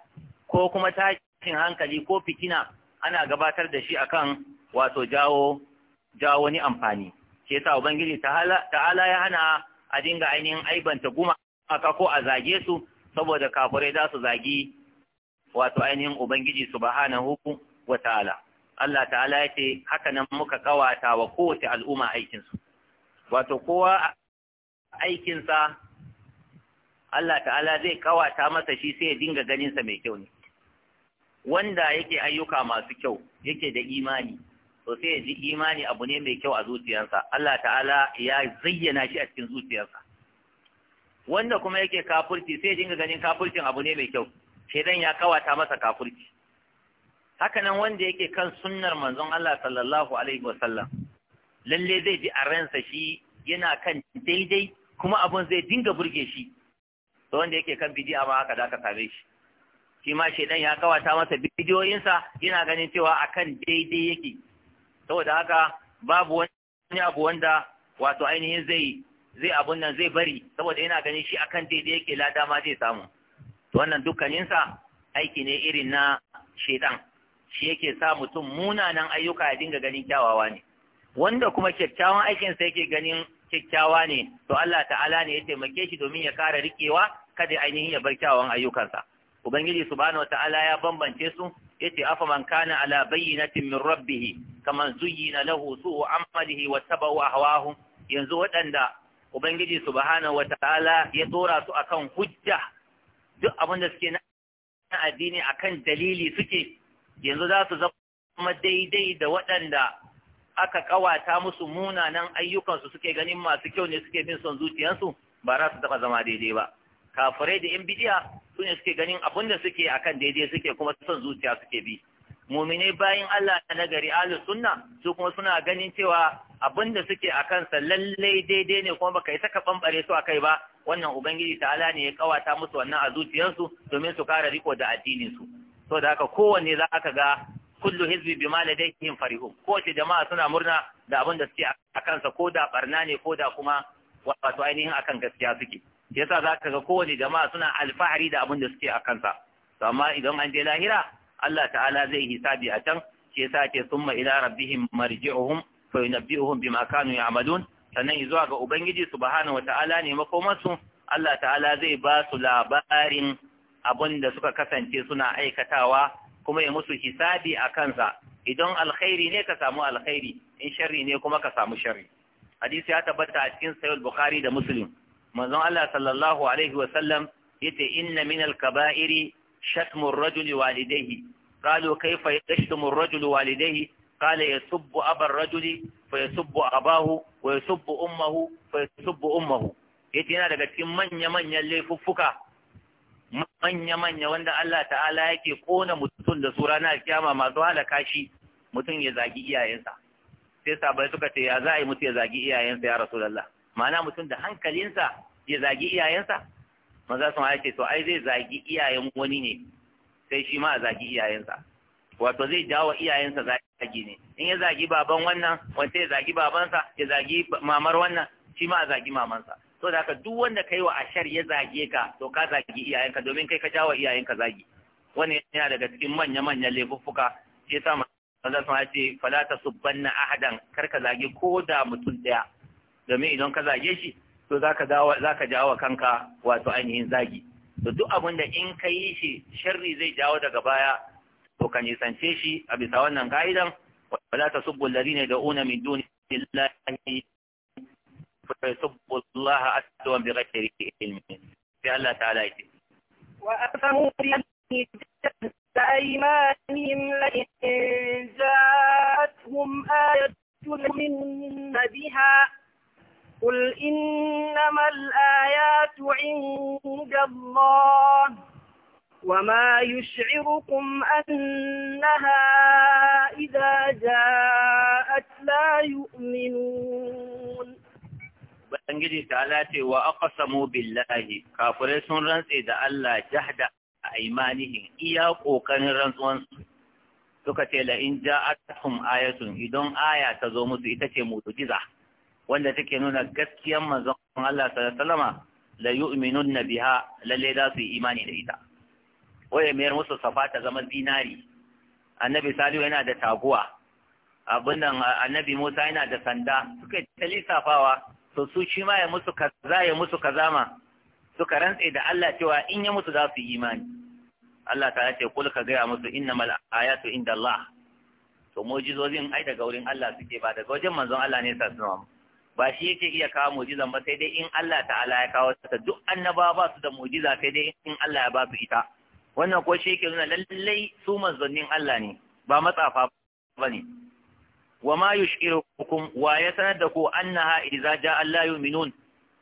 Speaker 1: ko kuma tashi Mashin hankali ko fitina ana gabatar da shi akan wato jawo jawo wani amfani Ke sa ubangiji ta'ala ya hana a dinga ainihin aibanta guma aka ko a zage su saboda kafirai za su zagi wato ainihin ubangiji subhanahu wa ta'ala Allah ta'ala ya ce haka nan muka kawata wa kowace al'umma aikinsu wato kowa sa Allah ta'ala zai kawata masa shi sai ya dinga ganin sa mai kyau ne wanda yake ayyuka masu kyau yake da imani to sai ya ji imani abu ne mai kyau a zuciyarsa Allah ta'ala ya zayyana shi a cikin zuciyarsa wanda kuma yake kafurci sai ya dinga ganin kafurcin abu ne mai kyau shedan ya kawata masa kafurci nan, wanda yake kan sunnar manzon Allah sallallahu alaihi wasallam lalle zai ji a shi yana kan daidai kuma abun zai dinga burge shi to wanda yake kan bidi'a ma haka da ka same shi shi ma shedan ya kawata masa bidiyoyinsa yana ganin cewa akan daidai yake saboda haka babu wani abu wanda wato ainihin zai zai abun nan zai bari saboda yana ganin shi akan daidai yake lada ma zai samu to wannan dukkaninsa aiki ne irin na shedan shi yake sa mutum munanan ayyuka ya dinga ganin kyawawa ne wanda kuma kyakkyawan aikinsa yake ganin kyakkyawa ne to Allah ta'ala ne ya taimake shi domin ya kara rikewa kada ainihin ya bar kyawawan ayyukansa ubangiji subhanahu wata'ala ya bambance su yace afa man kana ala bayyinatin min rabbih kaman zuyyina lahu su'u amalihi wattaba'u ahwahu yanzu wadanda ubangiji subhanahu wata'ala ya dora su akan hujja duk abin da suke na addini akan dalili suke yanzu za su zama daidai da waɗanda aka kawata musu munanan ayyukansu suke ganin masu kyau ne suke bin son zuciyarsu ba za su taɓa zama daidai ba kafirai da yan bidiya su suke ganin abin da suke akan daidai suke kuma son zuciya suke bi muminai bayan Allah na gari ahlus sunna su kuma suna ganin cewa abin da suke akan sa lallai daidai ne kuma baka yi saka bambare su akai ba wannan ubangiji ta'ala ne ya kawata musu wannan a zuciyarsu domin su kara riko da addinin su so da haka kowanne za ka ga kullu hizbi bima ladaihim farihun kowace jama'a suna murna da abin da suke akan sa ko da barna ne ko da kuma wato ainihin akan gaskiya suke yasa za ka ga kowane jama'a suna alfahari da abin da suke a kansa to amma idan an je lahira Allah ta'ala zai hisabi a can shi yasa ke summa ila rabbihim marji'uhum fa yunabbi'uhum bima kanu ya'malun sannan zuwa ga ubangiji subhanahu wata'ala ne makoman su Allah ta'ala zai ba su labarin abin da suka kasance suna aikatawa kuma ya musu hisabi a kansa idan alkhairi ne ka samu alkhairi in sharri ne kuma ka samu sharri hadisi ya tabbata a cikin sahih bukhari da muslim manzon Allah sallallahu alaihi wa sallam yace inna min al-kaba'iri shatmu ar-rajuli walidayhi qalu kayfa yashtamu ar-rajulu walidayhi qala yasubbu aba ar-rajuli fa yasubbu abahu wa yasubbu ummuhu fa yasubbu ummuhu yace yana daga cikin manya manyan laifuffuka manya manya wanda Allah ta'ala yake kona mutum da sura na kiyama masu halaka shi mutum ya zagi iyayensa sai sabai suka ce ya za a yi mutum ya zagi iyayensa ya rasulullah ma'ana mutum da hankalinsa ya zagi iyayensa maza sun haya ce to ai zai zagi iyayen wani ne sai shi ma a zagi iyayensa wato zai jawo iyayensa zagi ne in ya zagi baban wannan wanda ya zagi babansa ya zagi mamar wannan shi ma a zagi mamansa to da haka duk wanda kai wa ashar ya zage ka to ka zagi iyayenka domin kai ka jawo iyayenka zagi wannan yana daga cikin manya-manyan laifuffuka shi yasa maza sun haya ce fala ta subbanna ahadan kar ka zagi ko da mutum daya domin idan ka zage shi to za ka jawo kanka wato ainihin zagi to duk abin da in ka yi shi sharri zai jawo daga baya to ka nisance shi a bisa wannan ka'idan wala ta subbu alladhina yad'una min duni illahi fa yasubbu allaha bi ghairi ilmin sai Allah ta'ala yi
Speaker 2: wa afamu bi أيمانهم لئن جاءتهم آية من بها قل إنما الآيات عند الله وما يشعركم أنها إذا جاءت لا يؤمنون
Speaker 1: Ubangiji ta ce wa aqsamu billahi kafirai sun rantse da Allah jahda a imanihin iya kokarin rantsuwan suka ce la in ja'atuhum ayatun idan aya ta zo musu ita ce mu'jiza wanda take nuna gaskiyar manzon Allah sallallahu alaihi wasallam la yu'minunna biha lalle za su yi imani da ita waye mayar musu safa ta zama zinari annabi salihu yana da taguwa abin nan annabi musa yana da sanda suka ta lissafawa to su shi ma ya musu kaza ya musu kaza ma suka rantse da Allah cewa in ya musu za su yi imani Allah ta ce kul ka gaya musu innamal ayatu inda Allah to mu'jizozin ai daga wurin Allah suke ba daga wajen manzon Allah ne sa sunan ba shi yake iya kawo mu'jizan ba sai dai in Allah ta'ala ya kawo ta duk annaba ba su da mu'jiza sai dai in Allah ya ba su ita wannan ko shi yake nuna lallai su manzannin Allah ne ba matsafa ba ne wa ma yushirukum wa ya sanar da ku annaha idza ja'a Allah yu'minun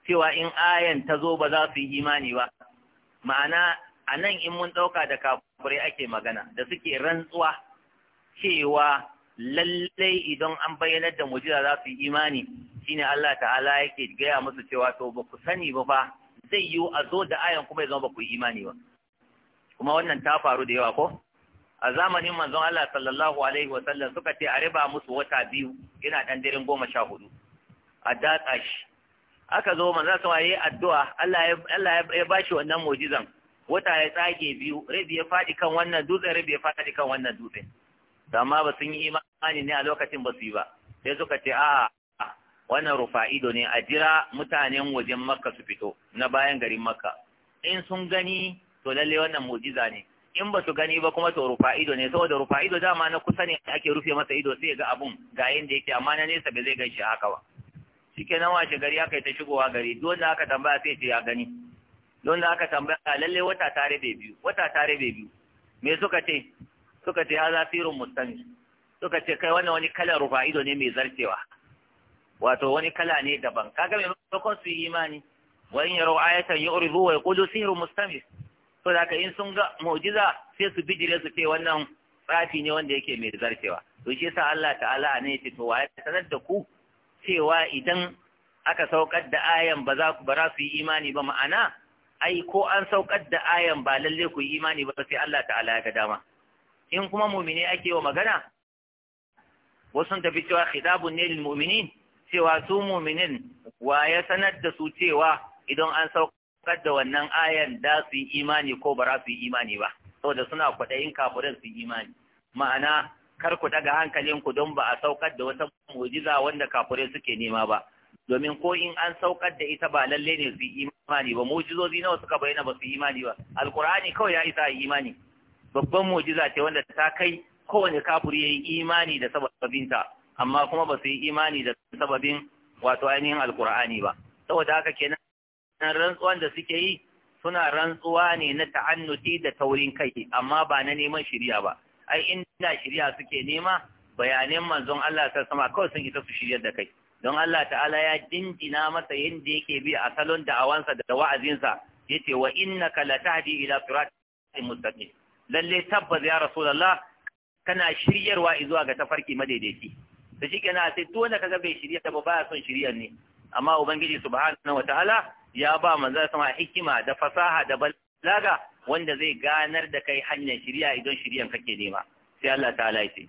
Speaker 1: cewa in ayan ta zo ba za su yi imani ba ma'ana a nan in mun ɗauka da kafirai ake magana da suke rantsuwa cewa lallai idan an bayyana da mujiza za su yi imani shine Allah ta'ala yake gaya musu cewa to ba ku sani ba fa zai yiwu a zo da ayan kuma ya zama ba ku yi imani ba kuma wannan ta faru da yawa ko a zamanin manzon Allah sallallahu alaihi wa sallam suka ce a riba musu wata biyu yana dan dirin goma sha hudu a datsa shi aka zo manzon sama yi addu'a Allah ya ya bashi wannan mu'jizan wata ya tsage biyu rabi ya fadi kan wannan dutse rabi ya fadi kan wannan dutse amma ba sun yi imani ne a lokacin ba su yi ba sai suka ce a wannan rufa'ido ne a jira mutanen wajen makka su fito na bayan garin makka in sun gani to lalle wannan mujiza ne in ba su gani ba kuma to rufa'ido ne saboda rufa'ido dama na kusa ne ake rufe masa ido sai ga abun ga yanda yake amma na nesa ba zai gan shi haka ba nan washe gari aka yi ta shigowa gari dole aka tambaya sai ce ya gani dole aka tambaya lalle wata tare bai biyu wata tare bai biyu me suka ce suka ce haza sirrun suka ce kai wannan wani kalar rufa'ido ne mai zarcewa wato wani kala ne daban kaga mai maimakon su yi imani wayin yaro ayatan yu'ridu wa yaqulu sihrun to da ka in sun ga mu'jiza sai su bijire su ce wannan tsafi ne wanda yake mai zarcewa to shi yasa Allah ta'ala ne ya to wa ya sanar da ku cewa idan aka saukar da ayan ba za ku bara su yi imani ba ma'ana ai ko an saukar da ayan ba lalle ku yi imani ba sai Allah ta'ala ya ga dama in kuma mu'mini ake wa magana wasu tafi cewa khitabun ne lil mu'minin cewa su muminin wa ya sanar da su cewa idan an saukar da wannan ayan da su yi imani ko ba za su yi imani ba saboda suna kwaɗayin kafirin su yi imani ma'ana kar ku daga hankalinku don ba a saukar da wata mu'jiza wanda kafirai suke nema ba domin ko in an saukar da ita ba lalle ne su yi imani ba mu'jizozi nawa suka bayyana ba su yi imani ba Alƙur'ani kawai ya isa yi imani babban mu'jiza ce wanda ta kai kowane kafiri yi imani da sababinta amma kuma ba su yi imani da sababin wato ainihin alkur'ani ba saboda haka kenan rantsuwan da suke yi suna rantsuwa ne na ta'annuti da taurin kai amma ba na neman shirya ba ai inda shirya suke nema bayanan manzon Allah ta sama kawai sun isa su shiryar da kai don Allah ta'ala ya dindina masa yadda yake bi a salon da'awansa da wa'azinsa yace wa innaka latahdi ila siratin mustaqim lalle tabbas ya rasulullah kana shiryarwa zuwa ga tafarki madaidaici da shi kenan sai kaga bai shirya ba baya son shiryar ne amma ubangiji subhanahu wataala ya ba manzon sama hikima da fasaha da balaga wanda zai ganar da kai hanyar shirya idan shiryan kake nema sai Allah ta'ala ya ce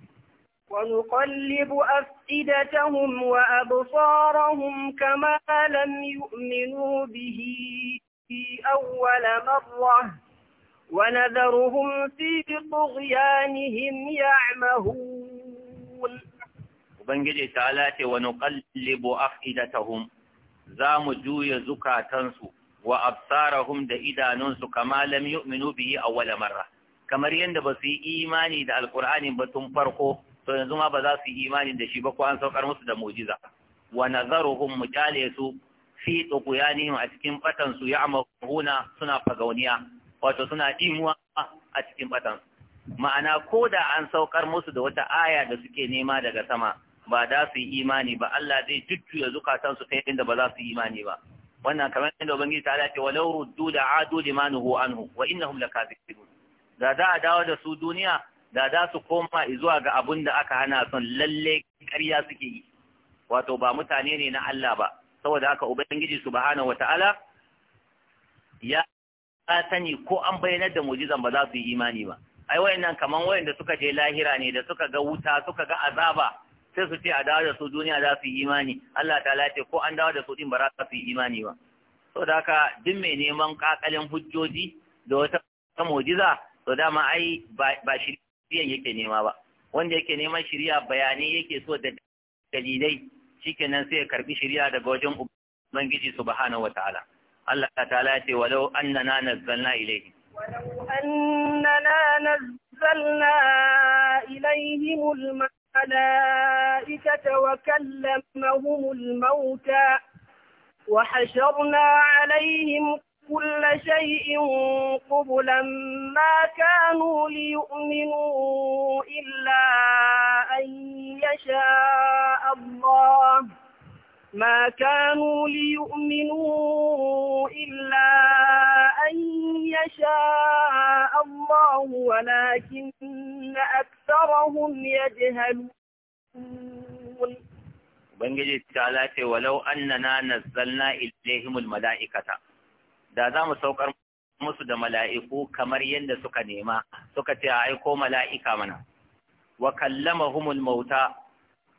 Speaker 2: ونقلب أفئدتهم وأبصارهم كما لم يؤمنوا به أول مرة ونذرهم في طغيانهم يعمهون
Speaker 1: ubangiji ta lace wa nuqallibu afidatahum za mu juya zukatansu wa absarahum da idanunsu kama lam yu'minu bihi awwala marra kamar yadda ba su yi imani da alqur'ani ba tun farko to yanzu ma ba za su yi imani da shi ba ko an saukar musu da mu'jiza wa nazaruhum mujale su fi tsukuyanihim a cikin batan su ya'mahuna suna fagauniya wato suna dimuwa a cikin batan ma'ana ko da an saukar musu da wata aya da suke nema daga sama ba da su yi imani ba Allah zai ya zukatan su kai inda ba za su yi imani ba wannan kamar inda ubangiji ta wa walau ruddu da adu limanuhu anhu wa innahum lakazibun da da a dawo da su duniya da da su koma zuwa ga abun da aka hana son lalle ƙarya suke yi wato ba mutane ne na Allah ba saboda haka ubangiji subhanahu wataala ya sani ko an bayyana da mujizan ba za su yi imani ba ai wayannan kaman wayanda suka je lahira ne da suka ga wuta suka ga azaba sai su ce a dawo da su duniya za su yi imani Allah ta lati ko an dawo da su din ba su yi imani ba da haka duk mai neman kakalin hujjoji da wata mu'jiza to dama ai ba shirya yake nema ba wanda yake neman shiriya bayanai yake so da dalilai shikenan sai ya karbi shiriya daga wajen ubangiji subhanahu wataala Allah ta'ala ya ce walau annana nazzalna ilayhi
Speaker 2: walau annana nazzalna ilayhim al الملائكة وكلمهم الموتى وحشرنا عليهم كل شيء قبلا ما كانوا ليؤمنوا إلا أن يشاء الله ما كانوا ليؤمنوا إلا أن يشاء الله ولكن أكثرهم يجهلون
Speaker 1: Ubangiji ta ce walau annana nazzalna ilaihimul mala'ikata da za mu saukar musu da mala'iku kamar yadda suka nema suka ce a aiko mala'ika mana wa kallamahumul mauta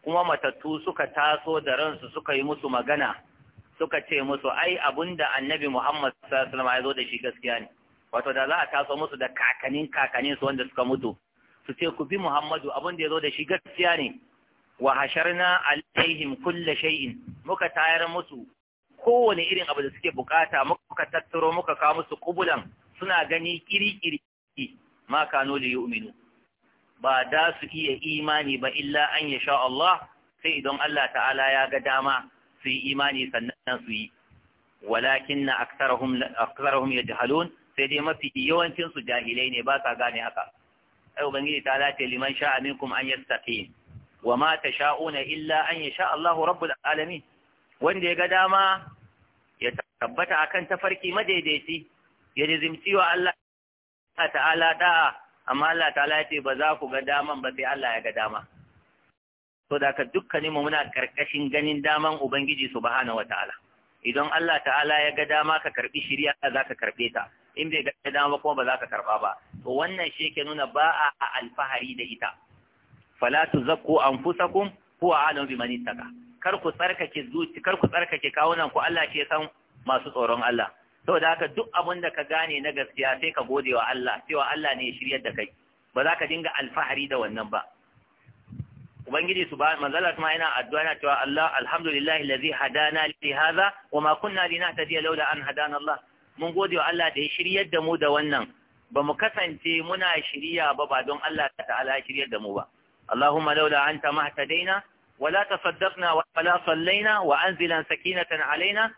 Speaker 1: kuma matattu suka taso da ransu suka yi musu magana suka ce musu ai abinda annabi Muhammad sallallahu alaihi ya zo da shi gaskiya ne wato da za a taso musu da kakanin kakanin su wanda suka mutu su ce ku bi Muhammadu abin da ya zo da shi gaskiya ne wa hasharna alaihim kulla shay'in muka tayar musu kowane irin abu da suke bukata muka tattaro muka kawo musu kubulan suna gani kiri-kiri ma kanu li yu'minu ba da su iya imani ba illa an yasha Allah sai idan Allah ta'ala ya ga dama su yi imani sannan su yi walakin na aktarahum yajhalun sai dai mafi yawancin su jahilai ne ba sa gane haka ai ubangiji ta lace liman sha'a minkum an yastaqim wa ma tasha'una illa an yasha Allahu rabbul alamin wanda ya ga dama ya tabbata akan tafarki madaidaici ya dizimci wa Allah ta'ala da amma Allah ta'ala ya ce ba za ku ga daman ba sai Allah ya ga dama so da ka dukkanin mu muna karkashin ganin daman ubangiji subhanahu wataala idan Allah ta'ala ya ga dama ka karbi shari'a za ka karbe ta in bai ga dama kuma ba za ka karba ba to wannan shi yake nuna ba a alfahari da ita fala tuzakku anfusakum huwa a'lamu biman ittaka kar ku tsarkake zuci kar ku tsarkake kawunan ku Allah ke san masu tsoron Allah saboda haka duk abin da ka gane na gaskiya sai ka gode wa Allah cewa Allah ne ya shiryar da kai ba za ka dinga alfahari da wannan ba ubangiji su ba manzala kuma yana addu'a na cewa Allah alhamdulillah allazi hadana li hadha wa ma kunna linahtadiya laula an hadana Allah mun gode wa Allah da ya shiryar da mu da wannan ba mu kasance muna shirya ba ba don Allah ta'ala ya shiryar da mu ba Allahumma laula anta mahtadaina wala tasaddaqna wala sallaina wa anzilan sakinatan alaina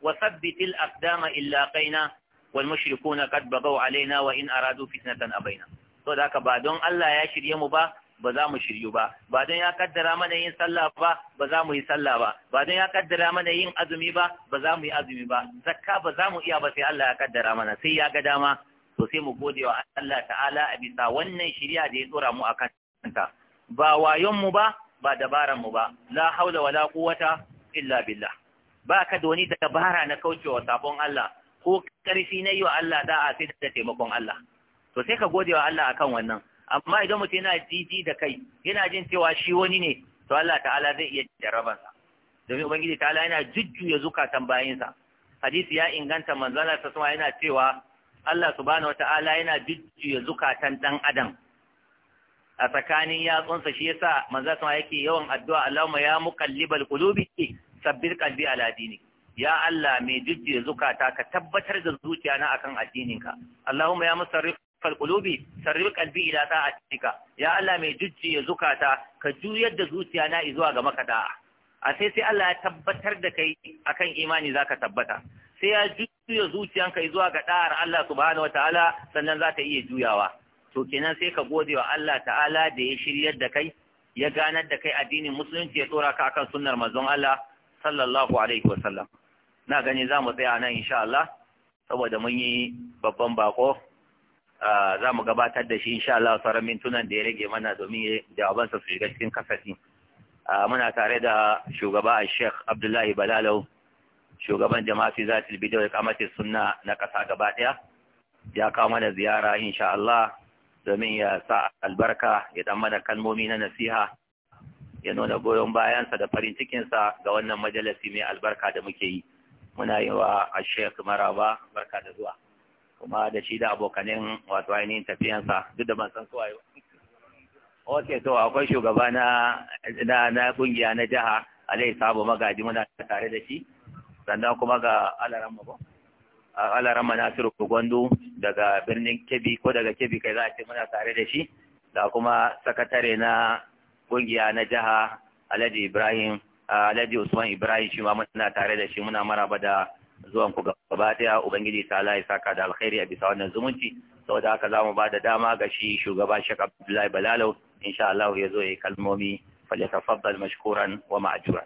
Speaker 1: wa thabbitil aqdama illa qaina wal mushrikuna qad bagaw alaina wa in aradu fitnatan abaina to da haka ba don Allah ya shirye mu ba ba za mu shiryu ba ba don ya kaddara mana yin sallah ba ba za mu yi sallah ba ba don ya kaddara mana yin azumi ba ba za mu yi azumi ba zakka ba za mu iya ba sai Allah ya kaddara mana sai ya ga dama to sai mu gode wa Allah ta'ala a bisa wannan shirya da ya tsora mu akan ta ba wayon mu ba ba dabaran mu ba la haula wala quwwata illa billah ba ka da wani dabara na kaucewa sabon Allah ko karfi na yi wa Allah da'a sai da taimakon Allah to sai ka gode wa Allah akan wannan amma idan mutum yana jiji da kai yana jin cewa shi wani ne to Allah ta'ala zai iya jarabansa domin ubangiji ta'ala yana jujjuya zukatan bayinsa hadisi ya inganta manzala ta sama yana cewa Allah subhanahu wata'ala yana jujjuya zukatan dan adam a tsakanin yatsunsa shi yasa manzala sama yake yawan addu'a Allahumma ya muqallibal qulubi sabbir qalbi ala dinik ya Allah mai jujjuya zukata ka tabbatar da zuciya na akan addininka Allahumma ya musarrif falkulubi sarrif qalbi ila ta'atika ya Allah mai jujjiya zukata ka juyar da zuciya na zuwa ga maka da'a a sai sai Allah ya tabbatar da kai akan imani zaka tabbata sai ya juya zuciyanka zuwa ga da'ar Allah subhanahu sannan za ta iya juyawa to kenan sai ka gode wa Allah ta'ala da ya shiryar da kai ya ganar da kai addinin musulunci ya tsora ka akan sunnar manzon Allah sallallahu alaihi na gani za mu tsaya nan insha Allah saboda mun yi babban bako za mu gabatar da shi insha Allah sauran mintunan da ya rage mana domin jawabansa su shiga cikin kasafi. muna tare da shugaba a Sheikh Abdullahi Balalau shugaban su, zati bidiyo da kamati sunna na ƙasa gaba ɗaya ya kawo mana ziyara insha Allah domin ya sa albarka ya dan mana kalmomi na nasiha ya nuna goyon bayansa da farin cikinsa ga wannan majalisi mai albarka da muke yi muna yi wa Sheikh Maraba barka da zuwa kuma da shi da abokanin wato ainihin tafiyansa duk da ban san su ayo ok to akwai shugaba na na na kungiya na jaha alai sabo magaji muna tare da shi sannan kuma ga alaran mabo alaran manasiru gwandu daga birnin kebi ko daga kebi kai za a ce muna tare da shi da kuma sakatare na kungiya na jaha alaji ibrahim alaji usman ibrahim shi ma muna tare da shi muna maraba da zuwan ku gaba daya ubangiji ta Allah ya saka da alkhairi a bisa wannan zumunci saboda haka zamu ba da dama ga shi shugaba Sheikh Abdullahi Balalo insha Allah ya zo ya kalmomi falyatafaddal mashkuran wa ma'juran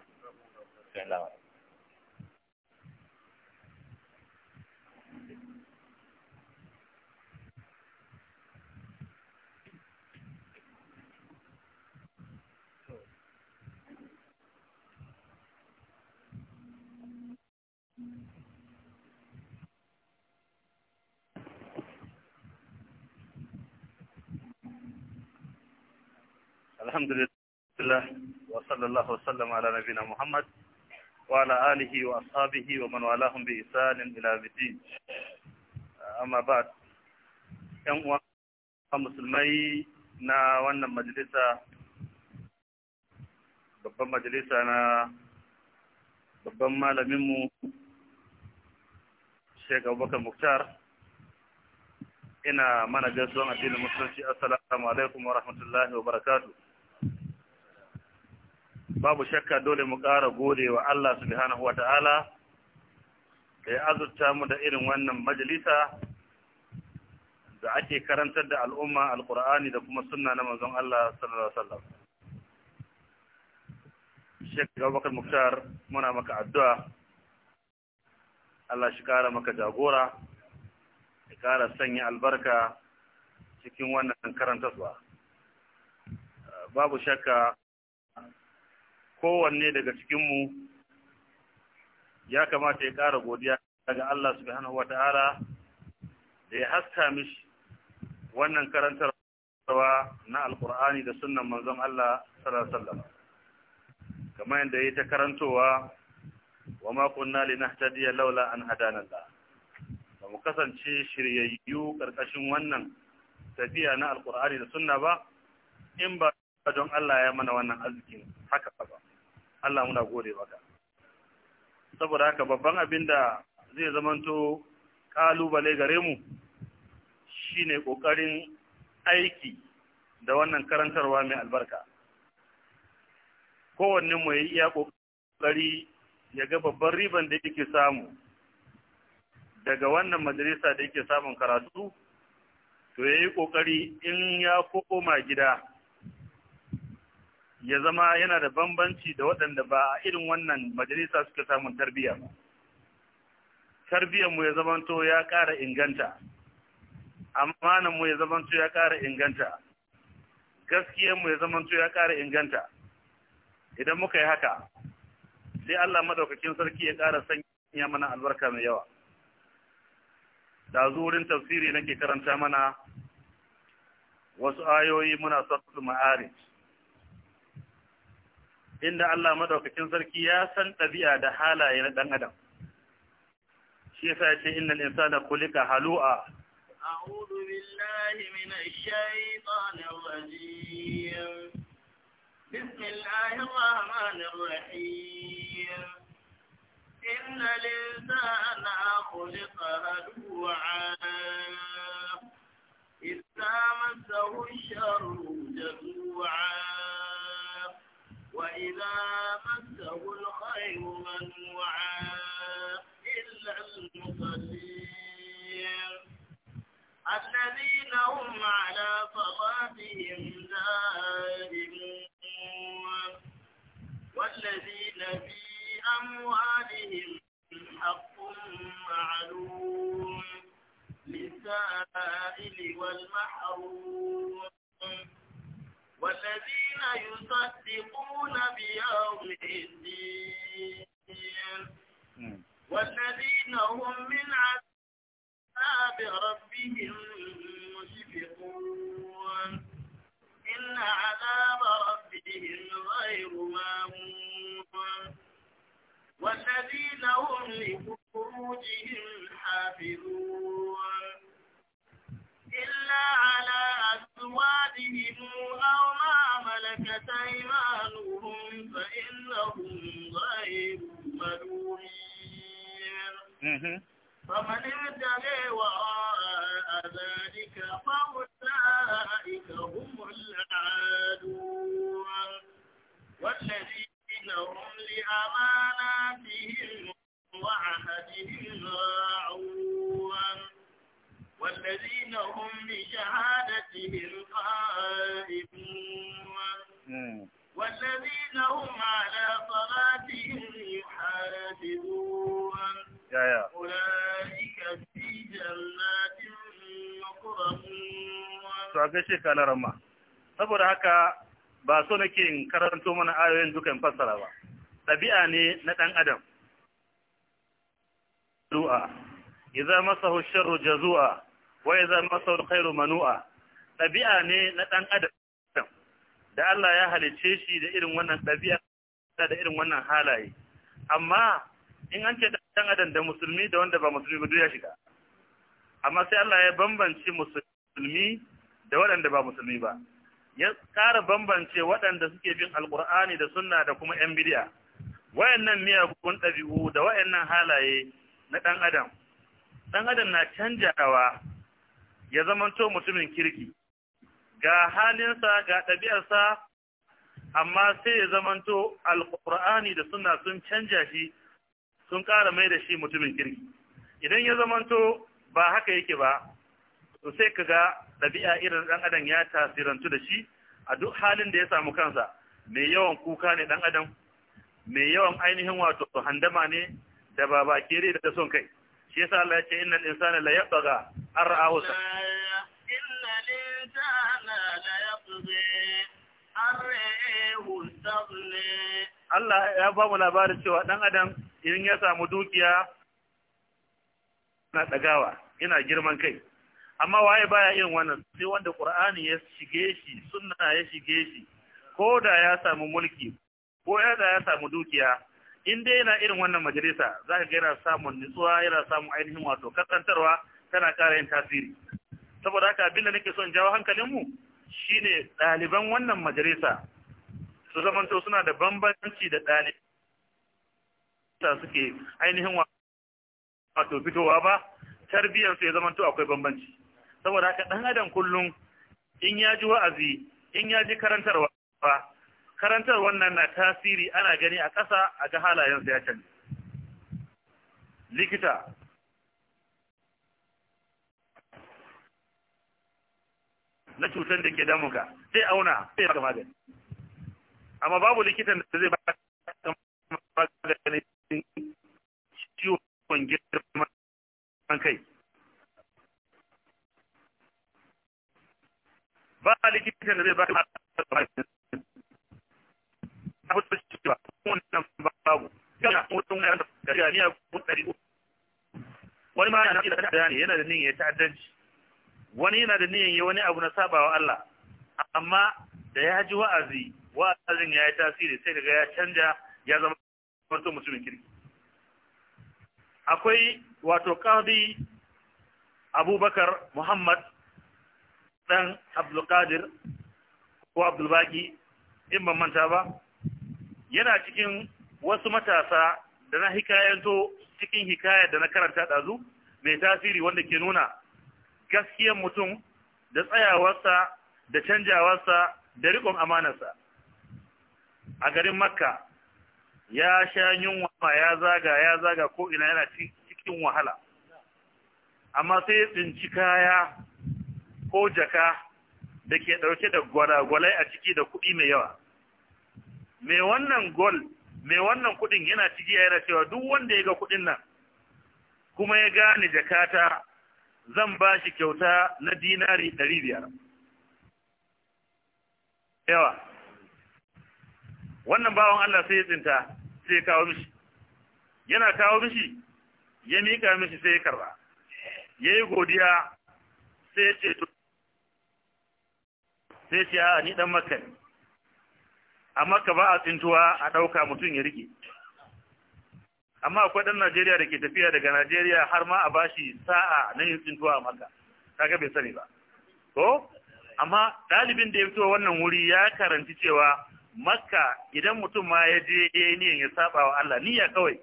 Speaker 3: alhamdulillah wa sallallahu wasallam ala nabina muhammad wa ala alihi wa ashabihi wa man walahum bi isanin ila bidin amma ba yan uwa musulmai na wannan majalisa babban majalisa na babban malaminmu Sheikh Abubakar Muktar ina mana gaisuwan addinin musulunci assalamu alaikum wa rahmatullahi wa barakatu babu shakka dole mu ƙara gode wa Allah subhanahu wa ta'ala da ya azurta mu da irin wannan majalisa da ake karantar da al'umma alkur'ani da kuma sunna na manzon Allah sallallahu alaihi wasallam Sheikh Muktar muna maka addu'a Allah shi kara maka jagora ya kara sanya albarka cikin wannan karantarwa babu shakka kowanne daga cikinmu ya kamata ya ƙara godiya daga Allah hana wa ta'ara. da ya haska mishi wannan karantarwa na alkur'ani da sunan manzon Allah sallallahu kamar yadda ya ta karantowa wa ma na hajjadiya laula an hadanar da, ba mu kasance shiryayyu karkashin wannan tafiya na alkur'ani da sunna ba in ba don Allah ya mana wannan arzikin haka ba Allah muna gode maka saboda haka babban abin da zai zamanto kalubale gare mu shine kokarin aiki da wannan karantarwa mai albarka kowanne mu yi iya kokari ya ga babban riban da yake samu daga wannan majalisa da yake samun karatu to yayi kokari in ya koma gida ya zama yana da bambanci da waɗanda ba a irin wannan majalisa suka samun tarbiyya ba tarbiyyarmu ya zamanto ya ƙara inganta amananmu ya zamanto ya ƙara inganta gaskiyarmu ya zamanto ya ƙara inganta idan muka yi haka sai Allah madaukakin sarki ya ƙara sanya mana albarka mai yawa da zurin tafsiri nake karanta mana wasu ayoyi muna sarki ma'arici. inda Allah madaukakin sarki ya san ɗabi'a da halaye na ɗan adam shi yasa ya ce innal insana khuliqa halu'a
Speaker 4: a'udhu billahi minash shaitanir rajim bismillahir rahmanir rahim innal insana khuliqa halu'a إذا مسه الشر جزوعا وإذا مسه الخير منوعا إلا المصلين الذين هم على صلاتهم دائمون والذين في أموالهم حق معلوم للسائل والمحروم والذين يصدقون بيوم الدين والذين هم من عذاب ربهم مشفقون إن عذاب ربهم غير مامون والذين هم لفروجهم حافظون إلا على أزواجهم أو ما ملكت أيمانهم فإنهم غير ملومين فمن ابتغي وراء ذلك فأولئك هم العادون والذين هم لأماناتهم وعهدهم راعون والذين هم بشهادتهم قائمون hmm. والذين هم على صلاتهم يحافظون أولئك في جنات مكرمون
Speaker 3: فأكشي قال رمى saboda haka ba so nake in karanto mana ayoyin dukan fassara ba ɗabi'a ne na ɗan adam du'a idza masahu sharru jazua wa iza masal khairu manu'a ɗabi'a ne na ɗan adam da Allah ya halice shi da irin wannan ɗabi'a da irin wannan halaye amma in an ce ɗan adam da musulmi da wanda ba musulmi ba duya shiga amma sai Allah ya bambance musulmi da waɗanda ba musulmi ba ya ƙara bambance waɗanda suke bin alƙur'ani da sunna da kuma yan bid'a wayannan miyagun ɗabi'u da wayannan halaye na ɗan adam ɗan adam na canjawa ya zamanto mutumin kirki ga halinsa ga ɗabi'arsa amma sai ya zamanto alƙur'ani da suna sun canja shi sun ƙara mai da shi mutumin kirki idan ya zamanto ba haka yake ba to sai ka ga ɗabi'a irin ɗan adam ya tasirantu da shi a duk halin da ya samu kansa mai yawan kuka ne ɗan adam mai yawan ainihin wato handama ne da babakere da son kai shi yasa Allah ya ce innal insana la yabgha insana la Allah ya ba mu labarin cewa dan adam idan ya samu dukiya na dagawa yana girman kai amma waye baya irin wannan sai wanda Qur'ani ya shige shi sunna ya shige shi ko da ya samu mulki ko ya da ya samu dukiya in dai yana irin wannan majalisa za ka ga yana samun nutsuwa yana samun ainihin wato kasantarwa tana ƙara yin tasiri saboda haka abin da nake son jawo hankalinmu shine ɗaliban wannan majalisa su zamanto suna da bambanci da ɗaliban suke ainihin wato fitowa ba tarbiyyarsu ya zamanto akwai bambanci saboda haka ɗan adam kullum in ya ji wa'azi in ya ji karantarwa karantar wannan na tasiri ana gani a ƙasa a ga halayensa ya likita na cutar da ke damuka, sai auna sai baka magani amma babu likitan da zai baka maganin ciwon girman kai ba likitan da zai baka maganin wani yana da niyyar ta'addanci wani yana da niyyar yi wani abu na sabawa Allah amma da ya ji wa'azi wa'azin ya yi tasiri sai daga ya canja ya zama wato mutumin kirki akwai wato qadi Abubakar Muhammad dan Abdul ko Abdul in ban manta ba yana cikin wasu matasa da na hikayanto cikin hikayar da na karanta dazu mai tasiri wanda ke nuna gaskiyar mutum da tsayawarsa da canjawarsa da riƙon amanarsa a garin makka ya sha yunwa ya zaga ya zaga ko'ina yana cikin wahala amma sai ya tsinci kaya ko jaka da ke ɗauke da gwalagwalai a ciki da kuɗi mai yawa mai wannan gol mai wannan kudin yana ciki yana cewa duk wanda ya ga kudin nan kuma ya gane jakata zan ba shi kyauta na dinari 500 biyar yawa wannan bawan Allah sai ya tsinta sai ya kawo mishi yana kawo mishi ya mika mishi sai ya karba ya yi godiya sai ya ce sai ce a ni dan makani amma ka ba a tsintuwa a ɗauka mutum ya rike amma akwai ɗan najeriya da ke tafiya daga najeriya har ma a bashi sa'a na yin tsintuwa a maka kaga bai sani ba to amma ɗalibin da ya fito wannan wuri ya karanci cewa makka idan mutum ma ya je ya yi niyan ya saba wa allah niyya kawai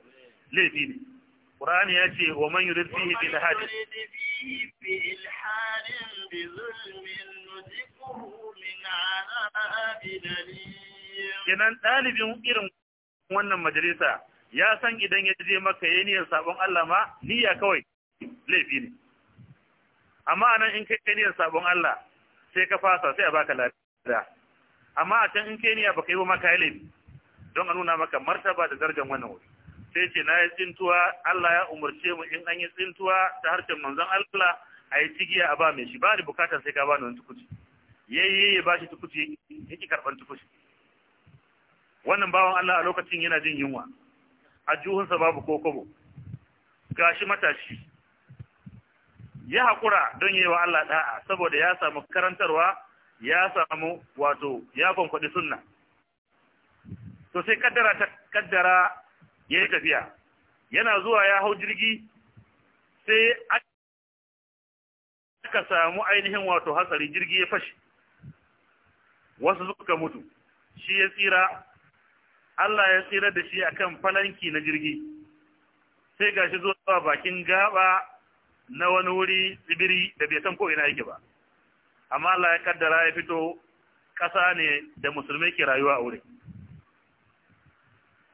Speaker 3: laifi ne Qur'ani ya ce wa man yurid fihi bil kenan ɗalibin irin wannan majalisa ya san idan ya je maka ya niyyar sabon Allah ma niyya kawai laifi ne amma anan in kai niyyar sabon Allah sai ka fasa sai a baka
Speaker 2: lafiya
Speaker 3: amma a can in kai niyya baka yi ba maka laifi don a nuna maka martaba da darajar wannan wuri sai ce na yi tsintuwa Allah ya umarce mu in an yi tsintuwa ta harshen manzon Allah a yi cigiya a ba mai shi ba ni bukatar sai ka bani wani tukuci yayi yayi ba shi tukuci yake karban tukuci wannan bawan Allah a lokacin yana jin yunwa a juhunsa babu ko kobo gashi matashi ya haƙura don yi wa Allah ɗa'a saboda ya samu karantarwa ya samu wato ya kwankwaɗi sunna to sai kaddara ta kaddara ya yi tafiya yana zuwa ya hau jirgi sai aka samu ainihin wato hatsari jirgi ya fashe wasu suka mutu shi ya tsira Allah ya tsira da shi akan falanki na jirgi sai ga gashi zuwa bakin gaba na wani wuri tsibiri da bai san ko'ina ina yake ba amma Allah ya kaddara ya fito ƙasa ne da musulmai ke rayuwa a wuri.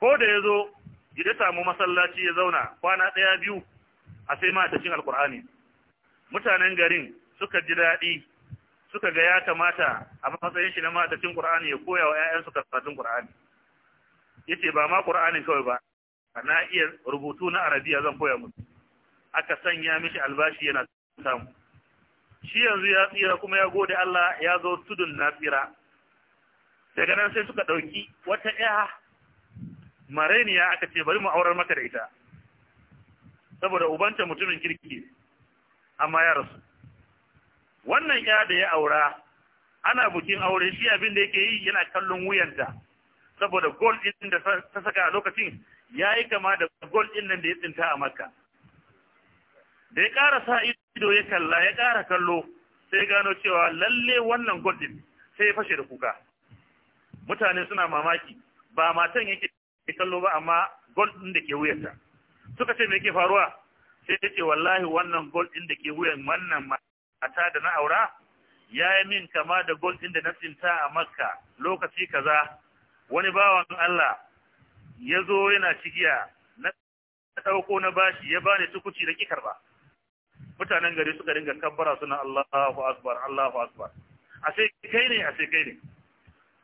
Speaker 3: ko da ya zo gida samu masallaci ya zauna kwana ɗaya biyu a sai ma cin alkur'ani mutanen garin suka ji daɗi suka ga ya kamata a matsayin shi na matacin ƙur'ani ya koya wa 'ya'yansu karatun ƙur'ani yace ba ma qur'anin kawai ba na iya rubutu na arabiya zan koya musu aka sanya mishi albashi yana samu shi yanzu ya tsira kuma ya gode Allah ya zo tudun na tsira daga nan sai suka ɗauki wata ya mareniya aka ce bari mu aurar maka da ita saboda ubanta mutumin kirki amma ya rasu wannan ya da ya aura ana bukin aure shi abin da yake yi yana kallon wuyanta saboda gol din da ta saka a lokacin ya yi kama da gol din nan da ya tsinta a makka da ya ƙara sa ido ya kalla ya ƙara kallo sai ya gano cewa lalle wannan gol din sai ya fashe da kuka mutane suna mamaki ba matan yake kallo ba amma gol din da ke wuyarta suka ce me yake faruwa sai ya ce wallahi wannan gol din da ke wuyan wannan mata da na aura ya yi min kama da gol din da na tsinta a makka lokaci kaza wani bawan Allah ya zo yana cigiya na ɗauko na bashi ya bani tukuci da kikar ba mutanen gari suka dinga kabbara suna Allahu akbar Allahu akbar a sai kai ne a sai kai ne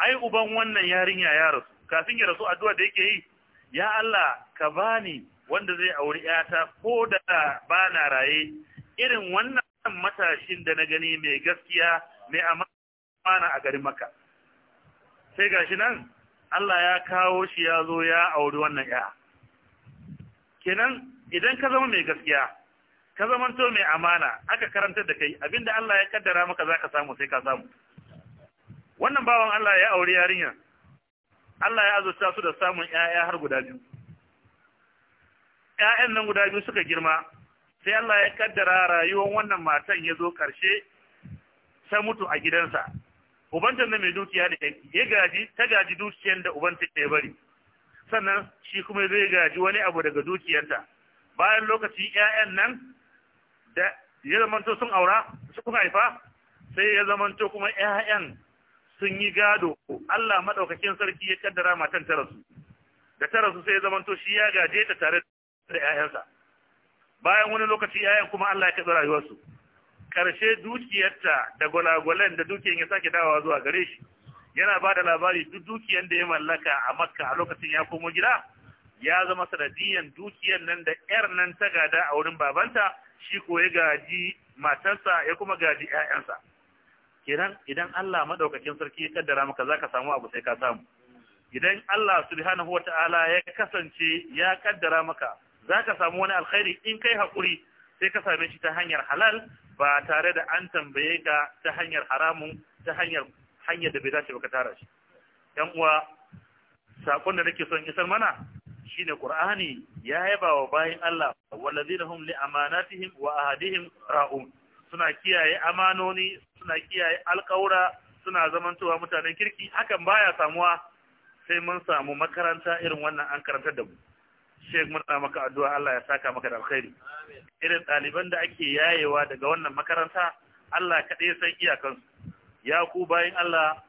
Speaker 3: ai uban wannan yarinya ya rasu kafin ya rasu addu'a da yake yi ya Allah ka bani wanda zai auri yata ko da bana raye irin wannan matashin da na gani mai gaskiya mai amana a garin maka sai gashi nan Allah ya kawo shi ya zo ya auri wannan ya kenan idan ka zama mai gaskiya ka zama to mai amana aka karanta da kai abinda Allah ya kaddara maka za ka samu sai ka samu wannan bawan Allah ya auri yarinya Allah ya azurta su da samun yaya har guda biyu Ya'yan nan guda biyu suka girma sai Allah ya kaddara rayuwar wannan matan ya zo ƙarshe ta mutu a gidansa Ubantan da mai dukiya da ya gaji ta gaji dukiyar da ubanta ya bari sannan shi kuma zai gaji wani abu daga dukiyarta bayan lokaci 'ya'yan nan da ya zamanto sun aura sun haifa sai ya zamanto kuma ƴaƴan sun yi gado Allah madaukakin sarki ya kaddara matan ta rasu da ta rasu sai ya zamanto shi ya gaje ta tare da 'ya'yansa. bayan wani lokaci ƴaƴan kuma Allah ya kaddara rayuwarsu karshe dukiyarta da gwalagwalen da dukiyar ya sake dawowa zuwa gare shi yana ba da labari duk dukiyar da ya mallaka a makka a lokacin ya komo gida ya zama sanadiyan dukiyar nan da yar nan ta gada a wurin babanta shi ko ya gaji matarsa ya kuma gaji ƴaƴansa kenan idan Allah madaukakin sarki ya kaddara maka zaka samu abu sai ka samu idan Allah subhanahu wata'ala ya kasance ya kaddara maka zaka samu wani alkhairi in kai hakuri sai ka same shi ta hanyar halal ba tare da an tambaye ka ta hanyar haramun ta hanyar hanyar da bai dace ba ka tara shi yan uwa sakon da nake son isar mana shine Ƙur'ani, ya yaba wa bayin Allah wallazina hum li amanatihim wa ahadihim ra'un suna kiyaye amanoni suna kiyaye alƙawura, suna zamantowa mutanen kirki hakan baya samuwa sai mun samu makaranta irin wannan an karantar da mu Sheikh murna maka addu'a Allah ya saka maka da alkhairi irin ɗaliban da ake yayewa daga wannan makaranta Allah kaɗai san iyakansu ya ku bayan Allah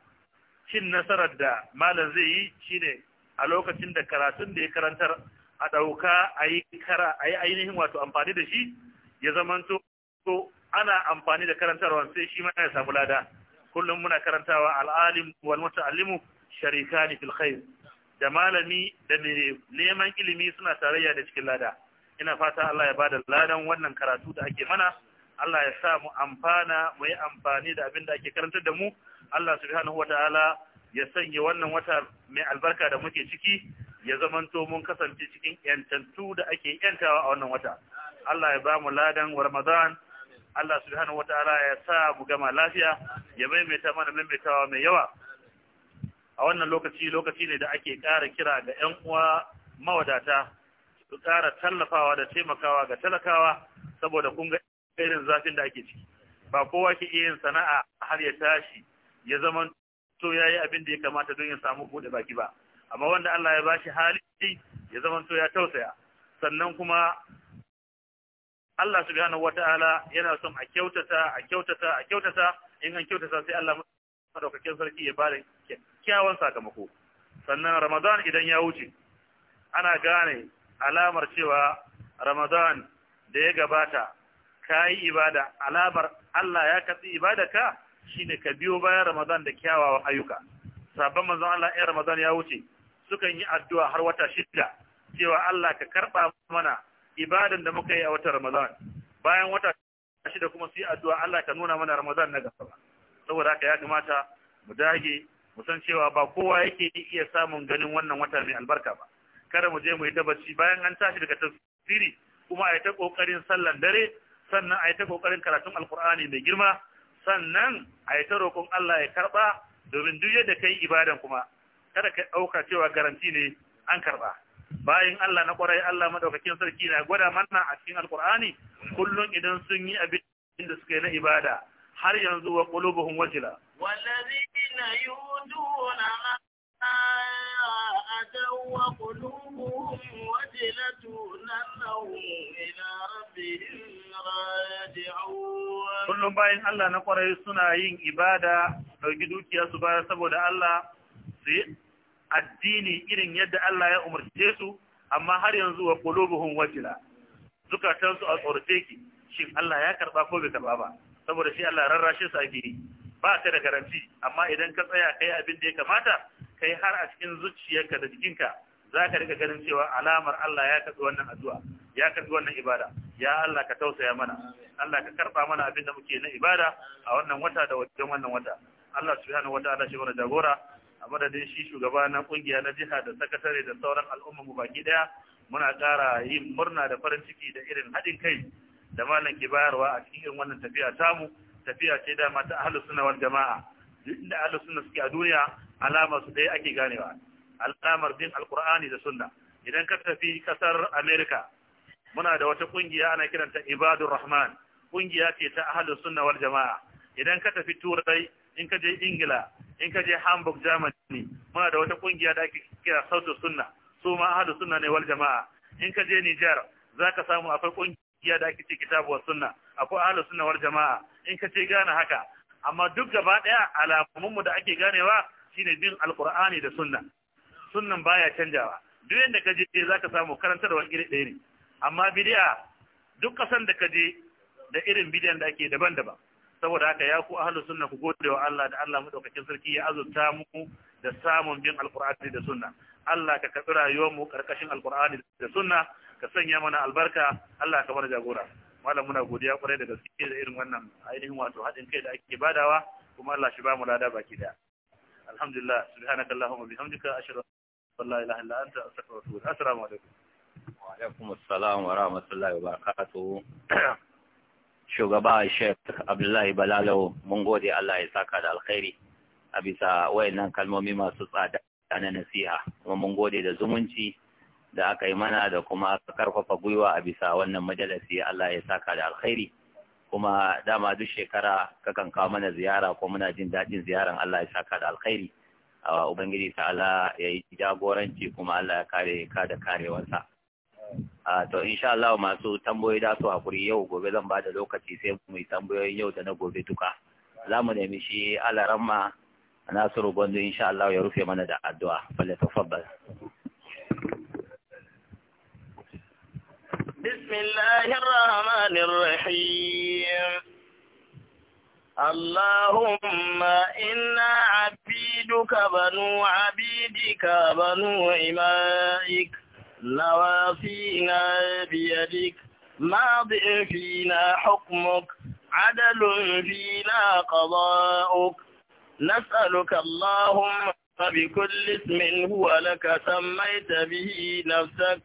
Speaker 3: cin nasarar da malam zai yi shine a lokacin da karatun da ya karantar a ayi a yi ainihin wato amfani da shi ya zamanto ana amfani da karantarwa sai shi ma ya samu lada kullum muna karantawa al-alim wal muta'allimu sharikani fil khair da malami da neman ilimi suna tarayya da cikin lada ina fata Allah ya bada ladan wannan karatu da ake mana Allah ya sa mu amfana mu yi amfani da abin da ake karantar da mu Allah subhanahu wataala ya sanya wannan wata mai albarka da muke ciki ya zamanto mun kasance cikin yantantu da ake yantawa a wannan wata Allah ya ba mu ladan wa Ramadan Allah subhanahu wataala ya sa mu gama lafiya ya maimaita mana maimaitawa mai yawa a wannan lokaci lokaci ne da ake ƙara kira ga 'yan uwa mawadata su ƙara tallafawa da taimakawa ga talakawa saboda kun ga irin zafin da ake ciki ba kowa ke iya yin sana'a har ya tashi ya zama to ya yi abin da ya kamata don ya samu buɗe baki ba amma wanda Allah ya bashi hali ya zama to ya tausaya sannan kuma Allah subhanahu wata'ala yana son a kyautata a kyautata a kyautata in an kyautata sai Allah madaukakin sarki ya bada kyakkyawan sakamako sannan ramadan idan ya wuce ana gane alamar cewa ramadan da ya gabata ka yi ibada alamar Allah ya katsi Shi shine ka biyo bayan ramadan da kyawawan ayyuka sabon manzon Allah in ramadan ya wuce sukan yi addu'a har wata shida cewa Allah ka karba mana ibadan da muka yi a wata ramadan bayan wata shida kuma su yi addu'a Allah ka nuna mana ramadan na gaba saboda haka ya kamata mu dage mu cewa ba kowa yake iya samun ganin wannan wata mai albarka ba kada mu je mu yi tabbaci bayan an tashi daga tafsiri kuma a yi ta kokarin sallan dare sannan a yi ta kokarin karatun alkur'ani mai girma sannan a yi ta roƙon Allah ya karba domin duk yadda kai ibadan kuma kada ka ɗauka cewa garanti ne an karba bayan Allah na ƙwarai Allah madaukakin sarki na gwada mana a cikin alkur'ani kullum idan sun yi abin da suka yi na ibada har yanzu wa qulubuhum wajila
Speaker 4: wallazi الذين يؤذون ما na وقلوبهم وجلة أنهم إلى ربهم راجعون كل
Speaker 3: باين الله نقرأ سنة ين إبادة ɗauki dukiya su bayar saboda Allah su yi addini irin yadda Allah ya umarce su amma har yanzu wa qulubuhum wajila zukatansu a tsorace ki shin Allah ya karba ko bai karba ba saboda shi Allah rarrashe su a gini. ba ta da garanti amma idan ka tsaya kai abin da ya kamata kai har a cikin zuciyarka da jikinka za ka riga ganin cewa alamar Allah ya karɓi wannan addu'a ya karɓi wannan ibada ya Allah ka tausaya mana Allah ka karɓa mana abin da muke na ibada a wannan wata da wajen wannan wata Allah subhanahu wataala shi mana jagora a madadin shi shugaba na kungiya na jiha da sakatare da sauran al'umma mu baki daya muna ƙara yin murna da farin ciki da irin haɗin kai da malam ke bayarwa a cikin irin wannan tafiya tamu tafiya ce dama ta ahlus sunna wal jama'a duk inda ahlus sunna suke a duniya alama su ɗaya ake ganewa alamar din alqur'ani da sunna idan ka tafi kasar america muna da wata kungiya ana kiranta ibadur rahman kungiya ce ta ahlus sunna wal jama'a idan ka tafi turai in ka je ingila in ka je hamburg germany muna da wata kungiya da ake kira sautu sunna su ma ahlus sunna ne wal jama'a in ka je niger zaka samu akwai kungiya da ake ce kitabu sunna akwai ahlus sunna wal jama'a in ka ce gane haka amma duk gaba daya alamunmu da ake ganewa shine bin alqur'ani da sunna sunnan baya canjawa duk yanda ka je za ka samu karantarwa iri ɗaya ne amma bid'a duk kasan da ka je da irin bid'an da ake daban-daban saboda haka ya ku ahlus sunna ku gode wa Allah da Allah madaukakin sarki ya azurta mu da samun bin alqur'ani da sunna Allah ka karbi rayuwar mu karkashin alqur'ani da sunna ka sanya mana albarka Allah ka mana jagora malam muna godiya kwarai da gaske da irin wannan ainihin wato haɗin kai da ake badawa kuma Allah shi ba mu lada baki da alhamdulillah subhanaka allahumma bihamdika ashhadu an la ilaha illa anta astaghfiruka wa atubu ilaik assalamu alaikum
Speaker 1: wa alaikum assalam wa rahmatullahi wa barakatuh shugaba Sheikh Abdullahi Balalo mun gode Allah ya saka da alkhairi a bisa wayannan kalmomi masu tsada na nasiha kuma mun gode da zumunci da aka yi mana da kuma karfafa gwiwa a bisa wannan majalisi Allah ya saka da alkhairi kuma dama duk shekara kakan kawo mana ziyara ko muna jin daɗin ziyaran Allah ya saka da alkhairi a ubangiji ta Allah ya yi jagoranci kuma Allah ya kare ka da karewarsa a to insha Allah masu tambayoyi da su hakuri yau gobe zan ba da lokaci sai mu yi tambayoyin yau da na gobe duka za mu nemi shi Allah ramma Nasiru Gondo insha Allah ya rufe mana da addu'a falle tafabbal
Speaker 4: بسم الله الرحمن الرحيم اللهم إنا عبيدك بنو عبيدك بنو إمائك نواصينا بيدك ماض فينا حكمك عدل فينا قضاؤك نسألك اللهم بكل اسم هو لك سميت به نفسك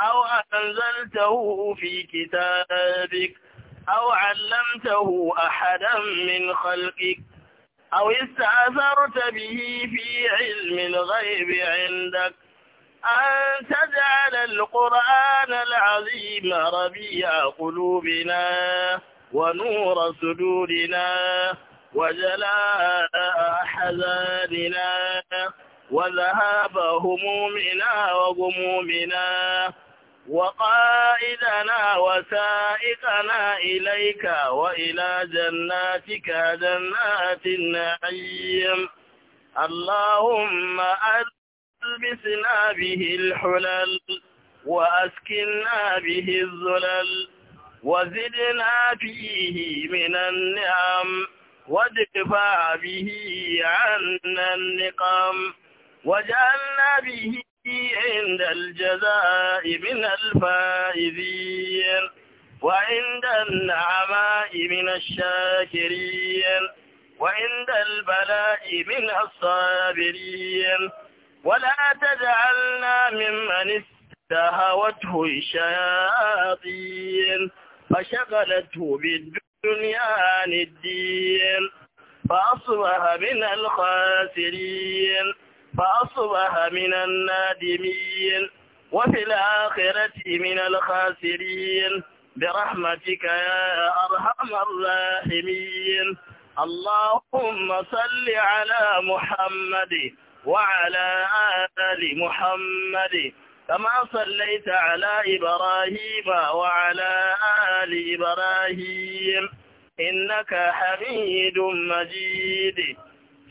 Speaker 4: أو أنزلته في كتابك أو علمته أحدا من خلقك أو استأثرت به في علم الغيب عندك أن تجعل القرآن العظيم ربيع قلوبنا ونور صدورنا وجلاء أحزاننا وذهاب همومنا وغمومنا وقائدنا وسائقنا إليك وإلى جناتك جنات النعيم اللهم ألبسنا به الحلل وأسكنا به الزلل وزدنا فيه من النعم وادفع به عنا النقم وجعلنا به عند الجزاء من الفائزين وعند النعماء من الشاكرين وعند البلاء من الصابرين ولا تجعلنا ممن استهوته الشياطين فشغلته بالدنيا عن الدين فأصبح من الخاسرين فأصبح من النادمين وفي الآخرة من الخاسرين برحمتك يا أرحم الراحمين اللهم صل على محمد وعلى آل محمد كما صليت على إبراهيم وعلى آل إبراهيم إنك حميد مجيد